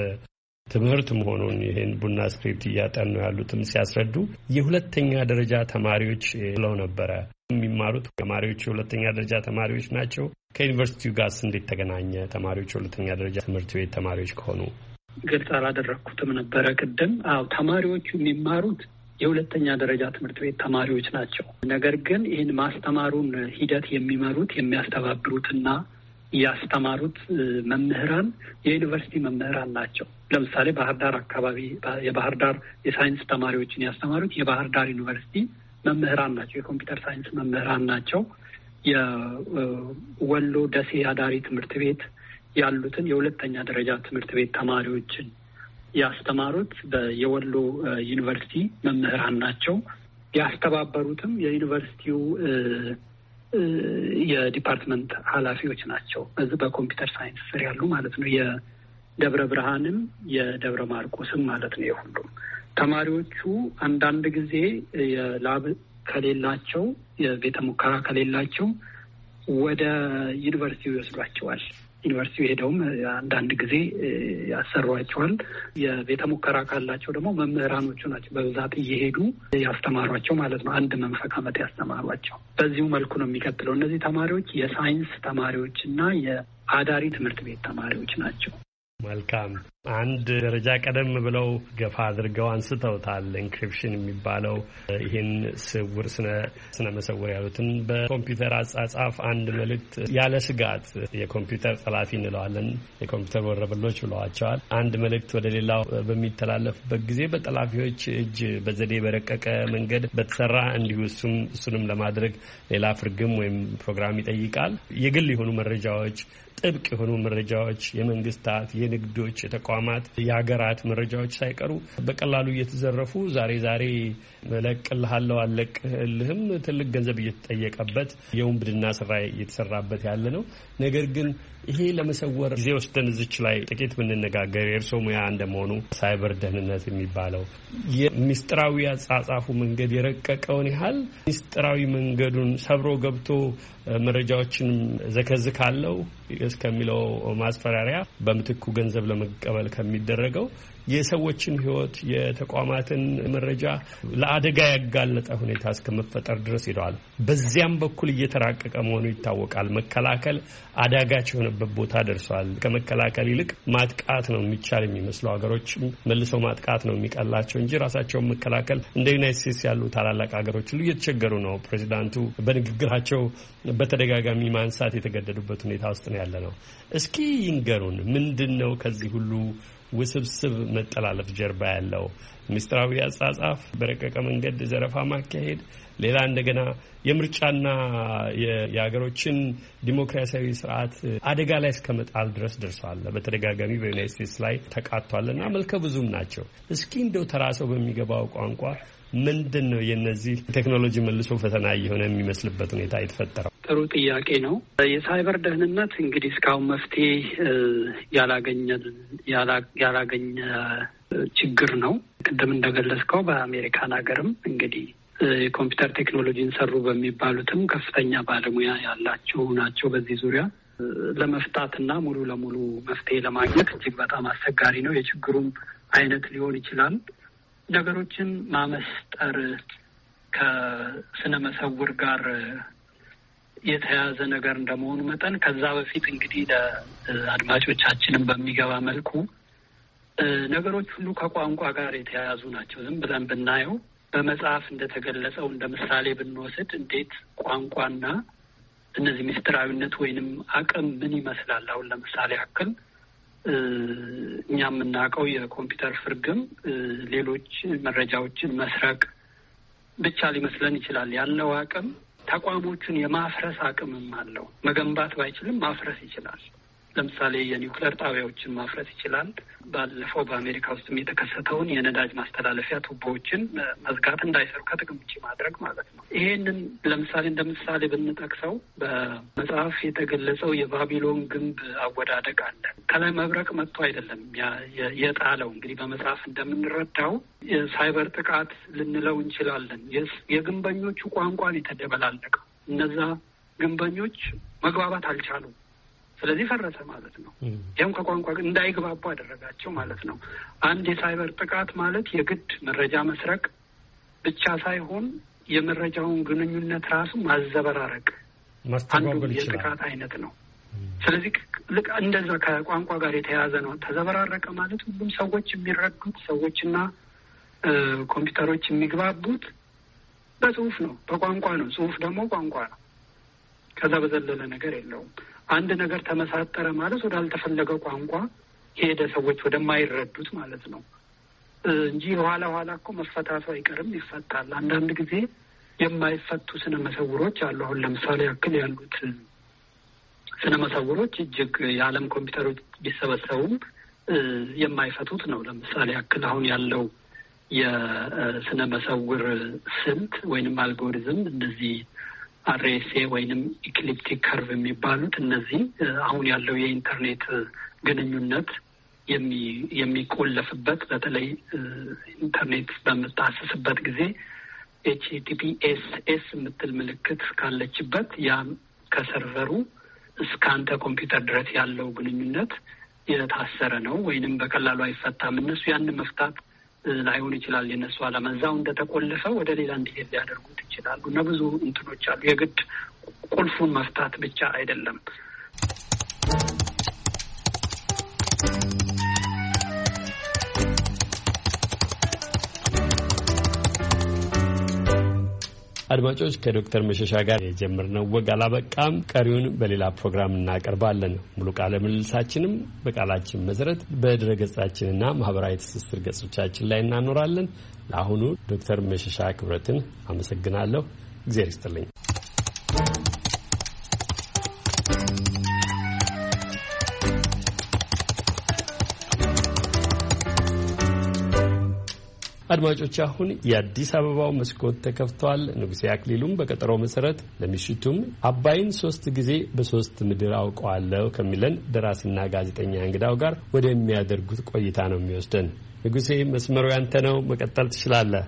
ትምህርት መሆኑን ይህን ቡና ስክሪፕት እያጠኑ ያሉትም ሲያስረዱ የሁለተኛ ደረጃ ተማሪዎች ብለው ነበረ። የሚማሩት ተማሪዎች የሁለተኛ ደረጃ ተማሪዎች ናቸው። ከዩኒቨርሲቲው ጋርስ እንዴት ተገናኘ? ተማሪዎች የሁለተኛ ደረጃ ትምህርት ቤት ተማሪዎች ከሆኑ ግልጽ አላደረግኩትም ነበረ ቅድም። አዎ ተማሪዎቹ የሚማሩት የሁለተኛ ደረጃ ትምህርት ቤት ተማሪዎች ናቸው። ነገር ግን ይህን ማስተማሩን ሂደት የሚመሩት የሚያስተባብሩትና ያስተማሩት መምህራን የዩኒቨርሲቲ መምህራን ናቸው። ለምሳሌ ባህር ዳር አካባቢ የባህር ዳር የሳይንስ ተማሪዎችን ያስተማሩት የባህር ዳር ዩኒቨርሲቲ መምህራን ናቸው። የኮምፒውተር ሳይንስ መምህራን ናቸው። የወሎ ደሴ አዳሪ ትምህርት ቤት ያሉትን የሁለተኛ ደረጃ ትምህርት ቤት ተማሪዎችን ያስተማሩት የወሎ ዩኒቨርሲቲ መምህራን ናቸው። ያስተባበሩትም የዩኒቨርሲቲው የዲፓርትመንት ኃላፊዎች ናቸው። በዚህ በኮምፒውተር ሳይንስ ስር ያሉ ማለት ነው። የደብረ ብርሃንም የደብረ ማርቆስም ማለት ነው። የሁሉም ተማሪዎቹ አንዳንድ ጊዜ የላብ ከሌላቸው የቤተ ሙከራ ከሌላቸው ወደ ዩኒቨርሲቲው ይወስዷቸዋል። ዩኒቨርሲቲ ሄደውም አንዳንድ ጊዜ ያሰሯቸዋል። የቤተ ሙከራ ካላቸው ደግሞ መምህራኖቹ ናቸው በብዛት እየሄዱ ያስተማሯቸው ማለት ነው። አንድ መንፈቅ ዓመት ያስተማሯቸው በዚሁ መልኩ ነው የሚቀጥለው። እነዚህ ተማሪዎች የሳይንስ ተማሪዎች እና የአዳሪ ትምህርት ቤት ተማሪዎች ናቸው። መልካም አንድ ደረጃ ቀደም ብለው ገፋ አድርገው አንስተውታል። ኢንክሪፕሽን የሚባለው ይህን ስውር ስነ መሰወር ያሉትን በኮምፒውተር አጻጻፍ አንድ መልእክት ያለ ስጋት የኮምፒውተር ጠላፊ እንለዋለን፣ የኮምፒውተር ወረበሎች ብለዋቸዋል። አንድ መልእክት ወደ ሌላው በሚተላለፍበት ጊዜ በጠላፊዎች እጅ በዘዴ በረቀቀ መንገድ በተሰራ እንዲሁ እሱም እሱንም ለማድረግ ሌላ ፍርግም ወይም ፕሮግራም ይጠይቃል። የግል የሆኑ መረጃዎች፣ ጥብቅ የሆኑ መረጃዎች የመንግስታት፣ የንግዶች፣ የተቋ ተቋማት፣ የሀገራት መረጃዎች ሳይቀሩ በቀላሉ እየተዘረፉ ዛሬ ዛሬ እለቅልሃለሁ አልለቅልህም ትልቅ ገንዘብ እየተጠየቀበት የውንብድና ስራ እየተሰራበት ያለ ነው። ነገር ግን ይሄ ለመሰወር ጊዜ ወስደን እዚች ላይ ጥቂት ብንነጋገር የእርሶ ሙያ እንደመሆኑ ሳይበር ደህንነት የሚባለው የሚስጥራዊ አጻጻፉ መንገድ የረቀቀውን ያህል ሚስጥራዊ መንገዱን ሰብሮ ገብቶ መረጃዎችን ዘከዝ ካለው እስከሚለው ማስፈራሪያ በምትኩ ገንዘብ ለመቀበል ከሚደረገው የሰዎችን ህይወት የተቋማትን መረጃ ለአደጋ ያጋለጠ ሁኔታ እስከመፈጠር ድረስ ሄደዋል። በዚያም በኩል እየተራቀቀ መሆኑ ይታወቃል። መከላከል አዳጋች የሆነበት ቦታ ደርሷል። ከመከላከል ይልቅ ማጥቃት ነው የሚቻል የሚመስሉ ሀገሮች መልሶ ማጥቃት ነው የሚቀላቸው እንጂ ራሳቸውን መከላከል እንደ ዩናይት ስቴትስ ያሉ ታላላቅ ሀገሮች ሁሉ እየተቸገሩ ነው። ፕሬዚዳንቱ በንግግራቸው በተደጋጋሚ ማንሳት የተገደዱበት ሁኔታ ውስጥ ነው ያለ ነው። እስኪ ይንገሩን ምንድን ነው ከዚህ ሁሉ ውስብስብ መጠላለፍ ጀርባ ያለው ምስጢራዊ አጻጻፍ፣ በረቀቀ መንገድ ዘረፋ ማካሄድ፣ ሌላ እንደገና የምርጫና የሀገሮችን ዲሞክራሲያዊ ስርዓት አደጋ ላይ እስከ መጣል ድረስ ደርሷለ በተደጋጋሚ በዩናይት ስቴትስ ላይ ተቃጥቷልና መልከ ብዙም ናቸው። እስኪ እንደው ተራሰው በሚገባው ቋንቋ ምንድን ነው የነዚህ ቴክኖሎጂ መልሶ ፈተና እየሆነ የሚመስልበት ሁኔታ የተፈጠረው? ጥሩ ጥያቄ ነው። የሳይበር ደህንነት እንግዲህ እስካሁን መፍትሄ ያላገኘ ችግር ነው። ቅድም እንደገለጽከው በአሜሪካን ሀገርም እንግዲህ የኮምፒውተር ቴክኖሎጂን ሰሩ በሚባሉትም ከፍተኛ ባለሙያ ያላቸው ናቸው። በዚህ ዙሪያ ለመፍታትና ሙሉ ለሙሉ መፍትሄ ለማግኘት እጅግ በጣም አስቸጋሪ ነው። የችግሩም አይነት ሊሆን ይችላል ነገሮችን ማመስጠር ከስነ መሰውር ጋር የተያያዘ ነገር እንደመሆኑ መጠን ከዛ በፊት እንግዲህ ለአድማጮቻችንም በሚገባ መልኩ ነገሮች ሁሉ ከቋንቋ ጋር የተያያዙ ናቸው። ዝም ብለን ብናየው በመጽሐፍ እንደተገለጸው እንደ ምሳሌ ብንወስድ እንዴት ቋንቋና እነዚህ ምስጢራዊነት ወይንም አቅም ምን ይመስላል? አሁን ለምሳሌ ያክል እኛ የምናውቀው የኮምፒውተር ፍርግም ሌሎች መረጃዎችን መስረቅ ብቻ ሊመስለን ይችላል። ያለው አቅም ተቋሞቹን የማፍረስ አቅምም አለው። መገንባት ባይችልም ማፍረስ ይችላል። ለምሳሌ የኒውክሌር ጣቢያዎችን ማፍረስ ይችላል። ባለፈው በአሜሪካ ውስጥም የተከሰተውን የነዳጅ ማስተላለፊያ ቱቦዎችን መዝጋት፣ እንዳይሰሩ ከጥቅም ውጭ ማድረግ ማለት ነው። ይሄንን ለምሳሌ እንደ ምሳሌ ብንጠቅሰው በመጽሐፍ የተገለጸው የባቢሎን ግንብ አወዳደቅ አለ። ከላይ መብረቅ መጥቶ አይደለም የጣለው። እንግዲህ በመጽሐፍ እንደምንረዳው የሳይበር ጥቃት ልንለው እንችላለን። የግንበኞቹ ቋንቋ የተደበላለቀው። እነዛ ግንበኞች መግባባት አልቻሉም። ስለዚህ ፈረሰ ማለት ነው። ይህም ከቋንቋ እንዳይግባቡ አደረጋቸው ማለት ነው። አንድ የሳይበር ጥቃት ማለት የግድ መረጃ መስረቅ ብቻ ሳይሆን የመረጃውን ግንኙነት ራሱ ማዘበራረቅ አንዱ የጥቃት አይነት ነው። ስለዚህ ልቅ እንደዛ ከቋንቋ ጋር የተያያዘ ነው። ተዘበራረቀ ማለት ሁሉም ሰዎች የሚረዱት ሰዎችና ኮምፒውተሮች የሚግባቡት በጽሁፍ ነው፣ በቋንቋ ነው። ጽሁፍ ደግሞ ቋንቋ ነው። ከዛ በዘለለ ነገር የለውም። አንድ ነገር ተመሳጠረ ማለት ወዳልተፈለገ ቋንቋ ሄደ፣ ሰዎች ወደማይረዱት ማለት ነው እንጂ የኋላ ኋላ እኮ መፈታቱ አይቀርም፣ ይፈታል። አንዳንድ ጊዜ የማይፈቱ ስነ መሰውሮች አሉ። አሁን ለምሳሌ ያክል ያሉት ስነ መሰውሮች እጅግ የዓለም ኮምፒውተሮች ቢሰበሰቡም የማይፈቱት ነው። ለምሳሌ ያክል አሁን ያለው የስነ መሰውር ስልት ወይንም አልጎሪዝም እነዚህ አርኤስኤ ወይንም ኢክሊፕቲክ ከርቭ የሚባሉት እነዚህ አሁን ያለው የኢንተርኔት ግንኙነት የሚቆለፍበት በተለይ ኢንተርኔት በምታስስበት ጊዜ ኤችቲፒ ኤስ ኤስ የምትል ምልክት ካለችበት ያ ከሰርቨሩ እስከ አንተ ኮምፒውተር ድረስ ያለው ግንኙነት የታሰረ ነው ወይንም በቀላሉ አይፈታም። እነሱ ያን መፍታት ላይሆን ይችላል። የነሱ አላማ እዛው እንደተቆለፈ ወደ ሌላ እንዲሄድ ሊያደርጉት ይችላሉ እና ብዙ እንትኖች አሉ። የግድ ቁልፉን መፍታት ብቻ አይደለም። አድማጮች ከዶክተር መሸሻ ጋር የጀመርነው ወግ አላበቃም። ቀሪውን በሌላ ፕሮግራም እናቀርባለን። ሙሉ ቃለ ምልልሳችንም በቃላችን መሰረት በድረገጻችንና ማህበራዊ ትስስር ገጾቻችን ላይ እናኖራለን። ለአሁኑ ዶክተር መሸሻ ክብረትን አመሰግናለሁ። እግዜር ይስጥልኝ። አድማጮች አሁን የአዲስ አበባው መስኮት ተከፍቷል። ንጉሴ አክሊሉም በቀጠሮ መሰረት ለምሽቱም አባይን ሶስት ጊዜ በሶስት ምድር አውቀዋለሁ ከሚለን ደራሲና ጋዜጠኛ እንግዳው ጋር ወደሚያደርጉት ቆይታ ነው የሚወስደን። ንጉሴ መስመሩ ያንተ ነው፣ መቀጠል ትችላለህ።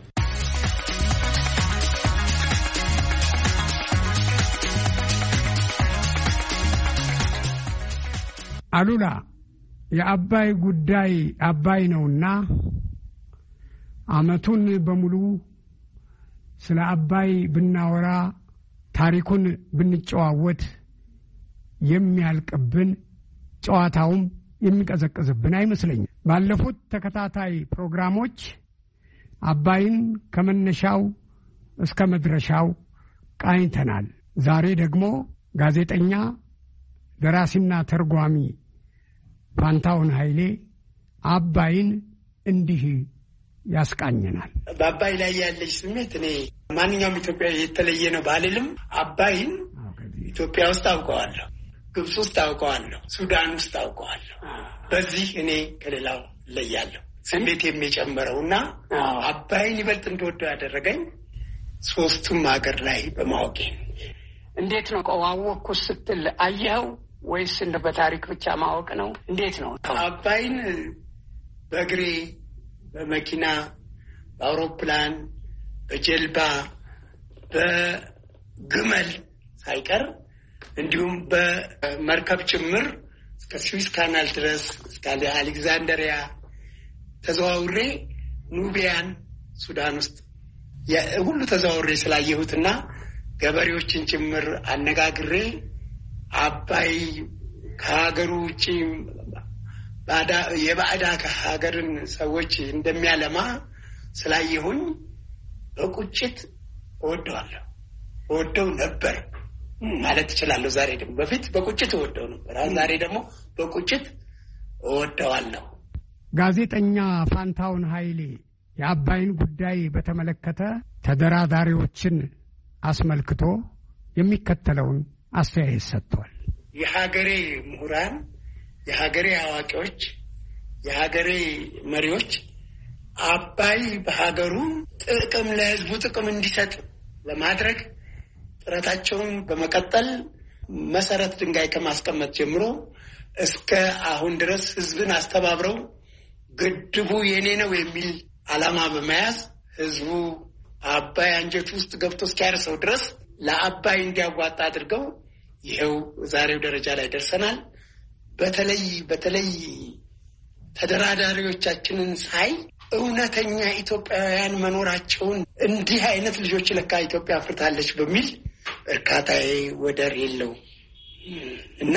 አሉላ የአባይ ጉዳይ አባይ ነውና አመቱን በሙሉ ስለ አባይ ብናወራ ታሪኩን ብንጨዋወት የሚያልቅብን ጨዋታውም የሚቀዘቅዝብን አይመስለኝም። ባለፉት ተከታታይ ፕሮግራሞች አባይን ከመነሻው እስከ መድረሻው ቃኝተናል። ዛሬ ደግሞ ጋዜጠኛ ደራሲና ተርጓሚ ፋንታውን ኃይሌ አባይን እንዲህ ያስቃኝናል። በአባይ ላይ ያለች ስሜት እኔ ማንኛውም ኢትዮጵያ የተለየ ነው ባልልም አባይን ኢትዮጵያ ውስጥ አውቀዋለሁ፣ ግብፅ ውስጥ አውቀዋለሁ፣ ሱዳን ውስጥ አውቀዋለሁ። በዚህ እኔ ከሌላው እለያለሁ። ስሜት የሚጨምረው እና አባይን ይበልጥ እንደወደው ያደረገኝ ሶስቱም ሀገር ላይ በማወቄ እንዴት ነው አወቅኩ ስትል አየኸው ወይስ እንደ በታሪክ ብቻ ማወቅ ነው? እንዴት ነው አባይን በእግሬ በመኪና፣ በአውሮፕላን፣ በጀልባ፣ በግመል ሳይቀር እንዲሁም በመርከብ ጭምር እስከ ስዊስ ካናል ድረስ እስከ አሌክዛንደሪያ ተዘዋውሬ ኑቢያን ሱዳን ውስጥ ሁሉ ተዘዋውሬ ስላየሁትና ገበሬዎችን ጭምር አነጋግሬ አባይ ከሀገሩ ውጭ የባዕዳ ሀገርን ሰዎች እንደሚያለማ ስላየሁኝ በቁጭት እወደዋለሁ። እወደው ነበር ማለት እችላለሁ። ዛሬ ደግሞ በፊት በቁጭት እወደው ነበር፣ ዛሬ ደግሞ በቁጭት እወደዋለሁ። ጋዜጠኛ ፋንታውን ኃይሌ የአባይን ጉዳይ በተመለከተ ተደራዳሪዎችን አስመልክቶ የሚከተለውን አስተያየት ሰጥቷል። የሀገሬ ምሁራን የሀገሬ አዋቂዎች፣ የሀገሬ መሪዎች አባይ በሀገሩ ጥቅም ለህዝቡ ጥቅም እንዲሰጥ ለማድረግ ጥረታቸውን በመቀጠል መሰረት ድንጋይ ከማስቀመጥ ጀምሮ እስከ አሁን ድረስ ህዝብን አስተባብረው ግድቡ የኔ ነው የሚል ዓላማ በመያዝ ህዝቡ አባይ አንጀቱ ውስጥ ገብቶ እስኪያርሰው ድረስ ለአባይ እንዲያዋጣ አድርገው ይኸው ዛሬው ደረጃ ላይ ደርሰናል። በተለይ በተለይ ተደራዳሪዎቻችንን ሳይ እውነተኛ ኢትዮጵያውያን መኖራቸውን እንዲህ አይነት ልጆች ለካ ኢትዮጵያ አፍርታለች በሚል እርካታዬ ወደር የለው እና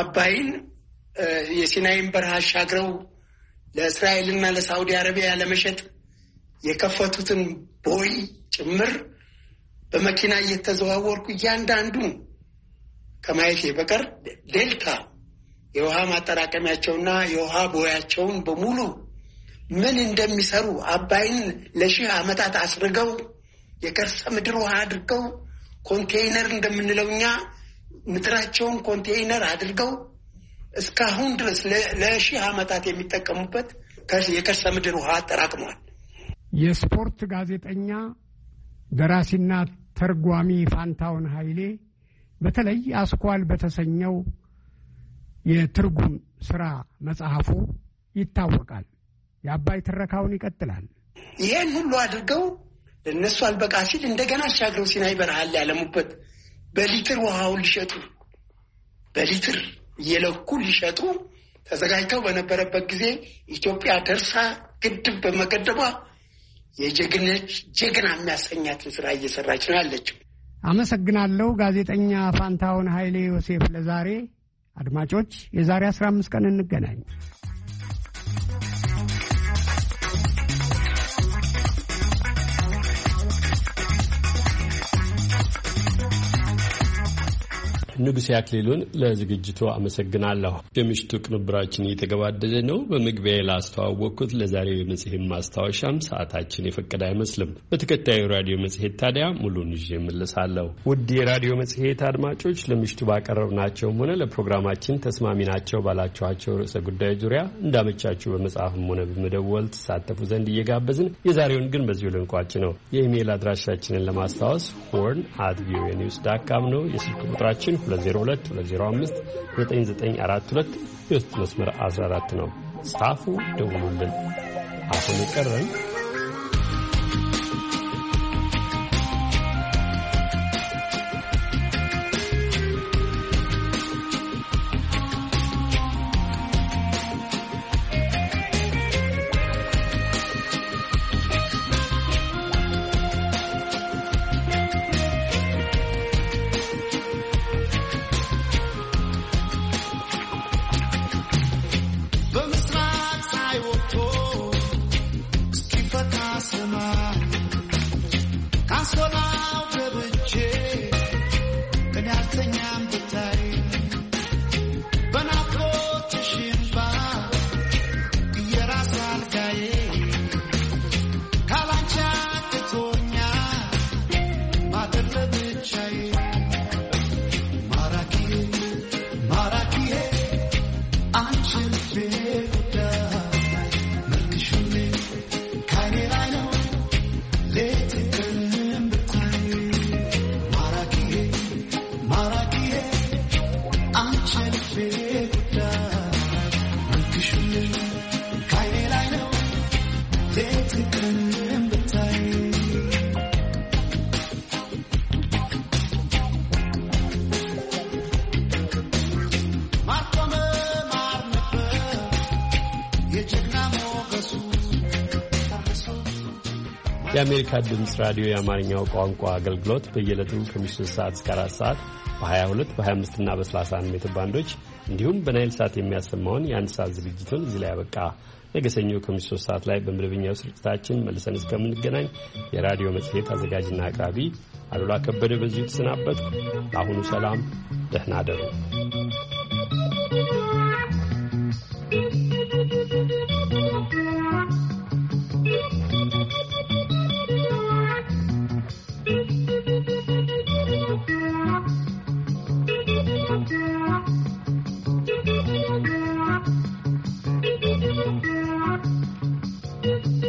አባይን የሲናይን በረሃ አሻግረው ለእስራኤልና ለሳዑዲ አረቢያ ለመሸጥ የከፈቱትን ቦይ ጭምር በመኪና እየተዘዋወርኩ እያንዳንዱ ከማየቴ በቀር ዴልታ የውሃ ማጠራቀሚያቸውና የውሃ ቦያቸውን በሙሉ ምን እንደሚሰሩ አባይን ለሺህ ዓመታት አስርገው የከርሰ ምድር ውሃ አድርገው ኮንቴይነር እንደምንለው እኛ ምድራቸውን ኮንቴይነር አድርገው እስካሁን ድረስ ለሺህ ዓመታት የሚጠቀሙበት የከርሰ ምድር ውሃ አጠራቅመዋል። የስፖርት ጋዜጠኛ ደራሲና ተርጓሚ ፋንታውን ኃይሌ በተለይ አስኳል በተሰኘው የትርጉም ስራ መጽሐፉ ይታወቃል። የአባይ ትረካውን ይቀጥላል። ይህን ሁሉ አድርገው እነሱ አልበቃ ሲል እንደገና አሻግረው ሲናይ በረሃል ያለሙበት በሊትር ውሃውን ሊሸጡ በሊትር እየለኩ ሊሸጡ ተዘጋጅተው በነበረበት ጊዜ ኢትዮጵያ ደርሳ ግድብ በመገደቧ የጀግነች ጀግና የሚያሰኛትን ስራ እየሰራች ነው ያለችው። አመሰግናለሁ ጋዜጠኛ ፋንታውን ኃይሌ ዮሴፍ ለዛሬ አድማጮች፣ የዛሬ 15 ቀን እንገናኝ። ንጉሴ አክሊሉን ለዝግጅቱ አመሰግናለሁ። የምሽቱ ቅንብራችን እየተገባደደ ነው። በመግቢያ ላስተዋወቅኩት ለዛሬው የመጽሔት ማስታወሻም ሰዓታችን የፈቀደ አይመስልም። በተከታዩ ራዲዮ መጽሔት ታዲያ ሙሉን ይዤ እመለሳለሁ። ውድ የራዲዮ መጽሔት አድማጮች ለምሽቱ ባቀረብናቸውም ሆነ ለፕሮግራማችን ተስማሚ ናቸው ባላችኋቸው ርዕሰ ጉዳዮች ዙሪያ እንዳመቻችሁ በመጽሐፍም ሆነ በመደወል ትሳተፉ ዘንድ እየጋበዝን የዛሬውን ግን በዚሁ ልንቋጭ ነው። የኢሜይል አድራሻችንን ለማስታወስ ሆርን አት ቪኦኤ ኒውስ ዳት ካም ነው የስልክ ቁጥራችን 202 205 የውስጥ መስመር 14 ነው። ጻፉ፣ ደውሉልን። አሁን የቀረን የአሜሪካ ድምፅ ራዲዮ የአማርኛው ቋንቋ አገልግሎት በየዕለቱ ከምሽቱ ሰዓት እስከ አራት ሰዓት በ22 በ25 እና በ31 ሜትር ባንዶች እንዲሁም በናይል ሰዓት የሚያሰማውን የአንድ ሰዓት ዝግጅቱን እዚህ ላይ ያበቃ። ነገ ሰኞ ከምሽቱ ሶስት ሰዓት ላይ በመደበኛው ስርጭታችን መልሰን እስከምንገናኝ የራዲዮ መጽሔት አዘጋጅና አቅራቢ አሉላ ከበደ በዚሁ ተሰናበትኩ። ለአሁኑ ሰላም፣ ደህና አደሩ።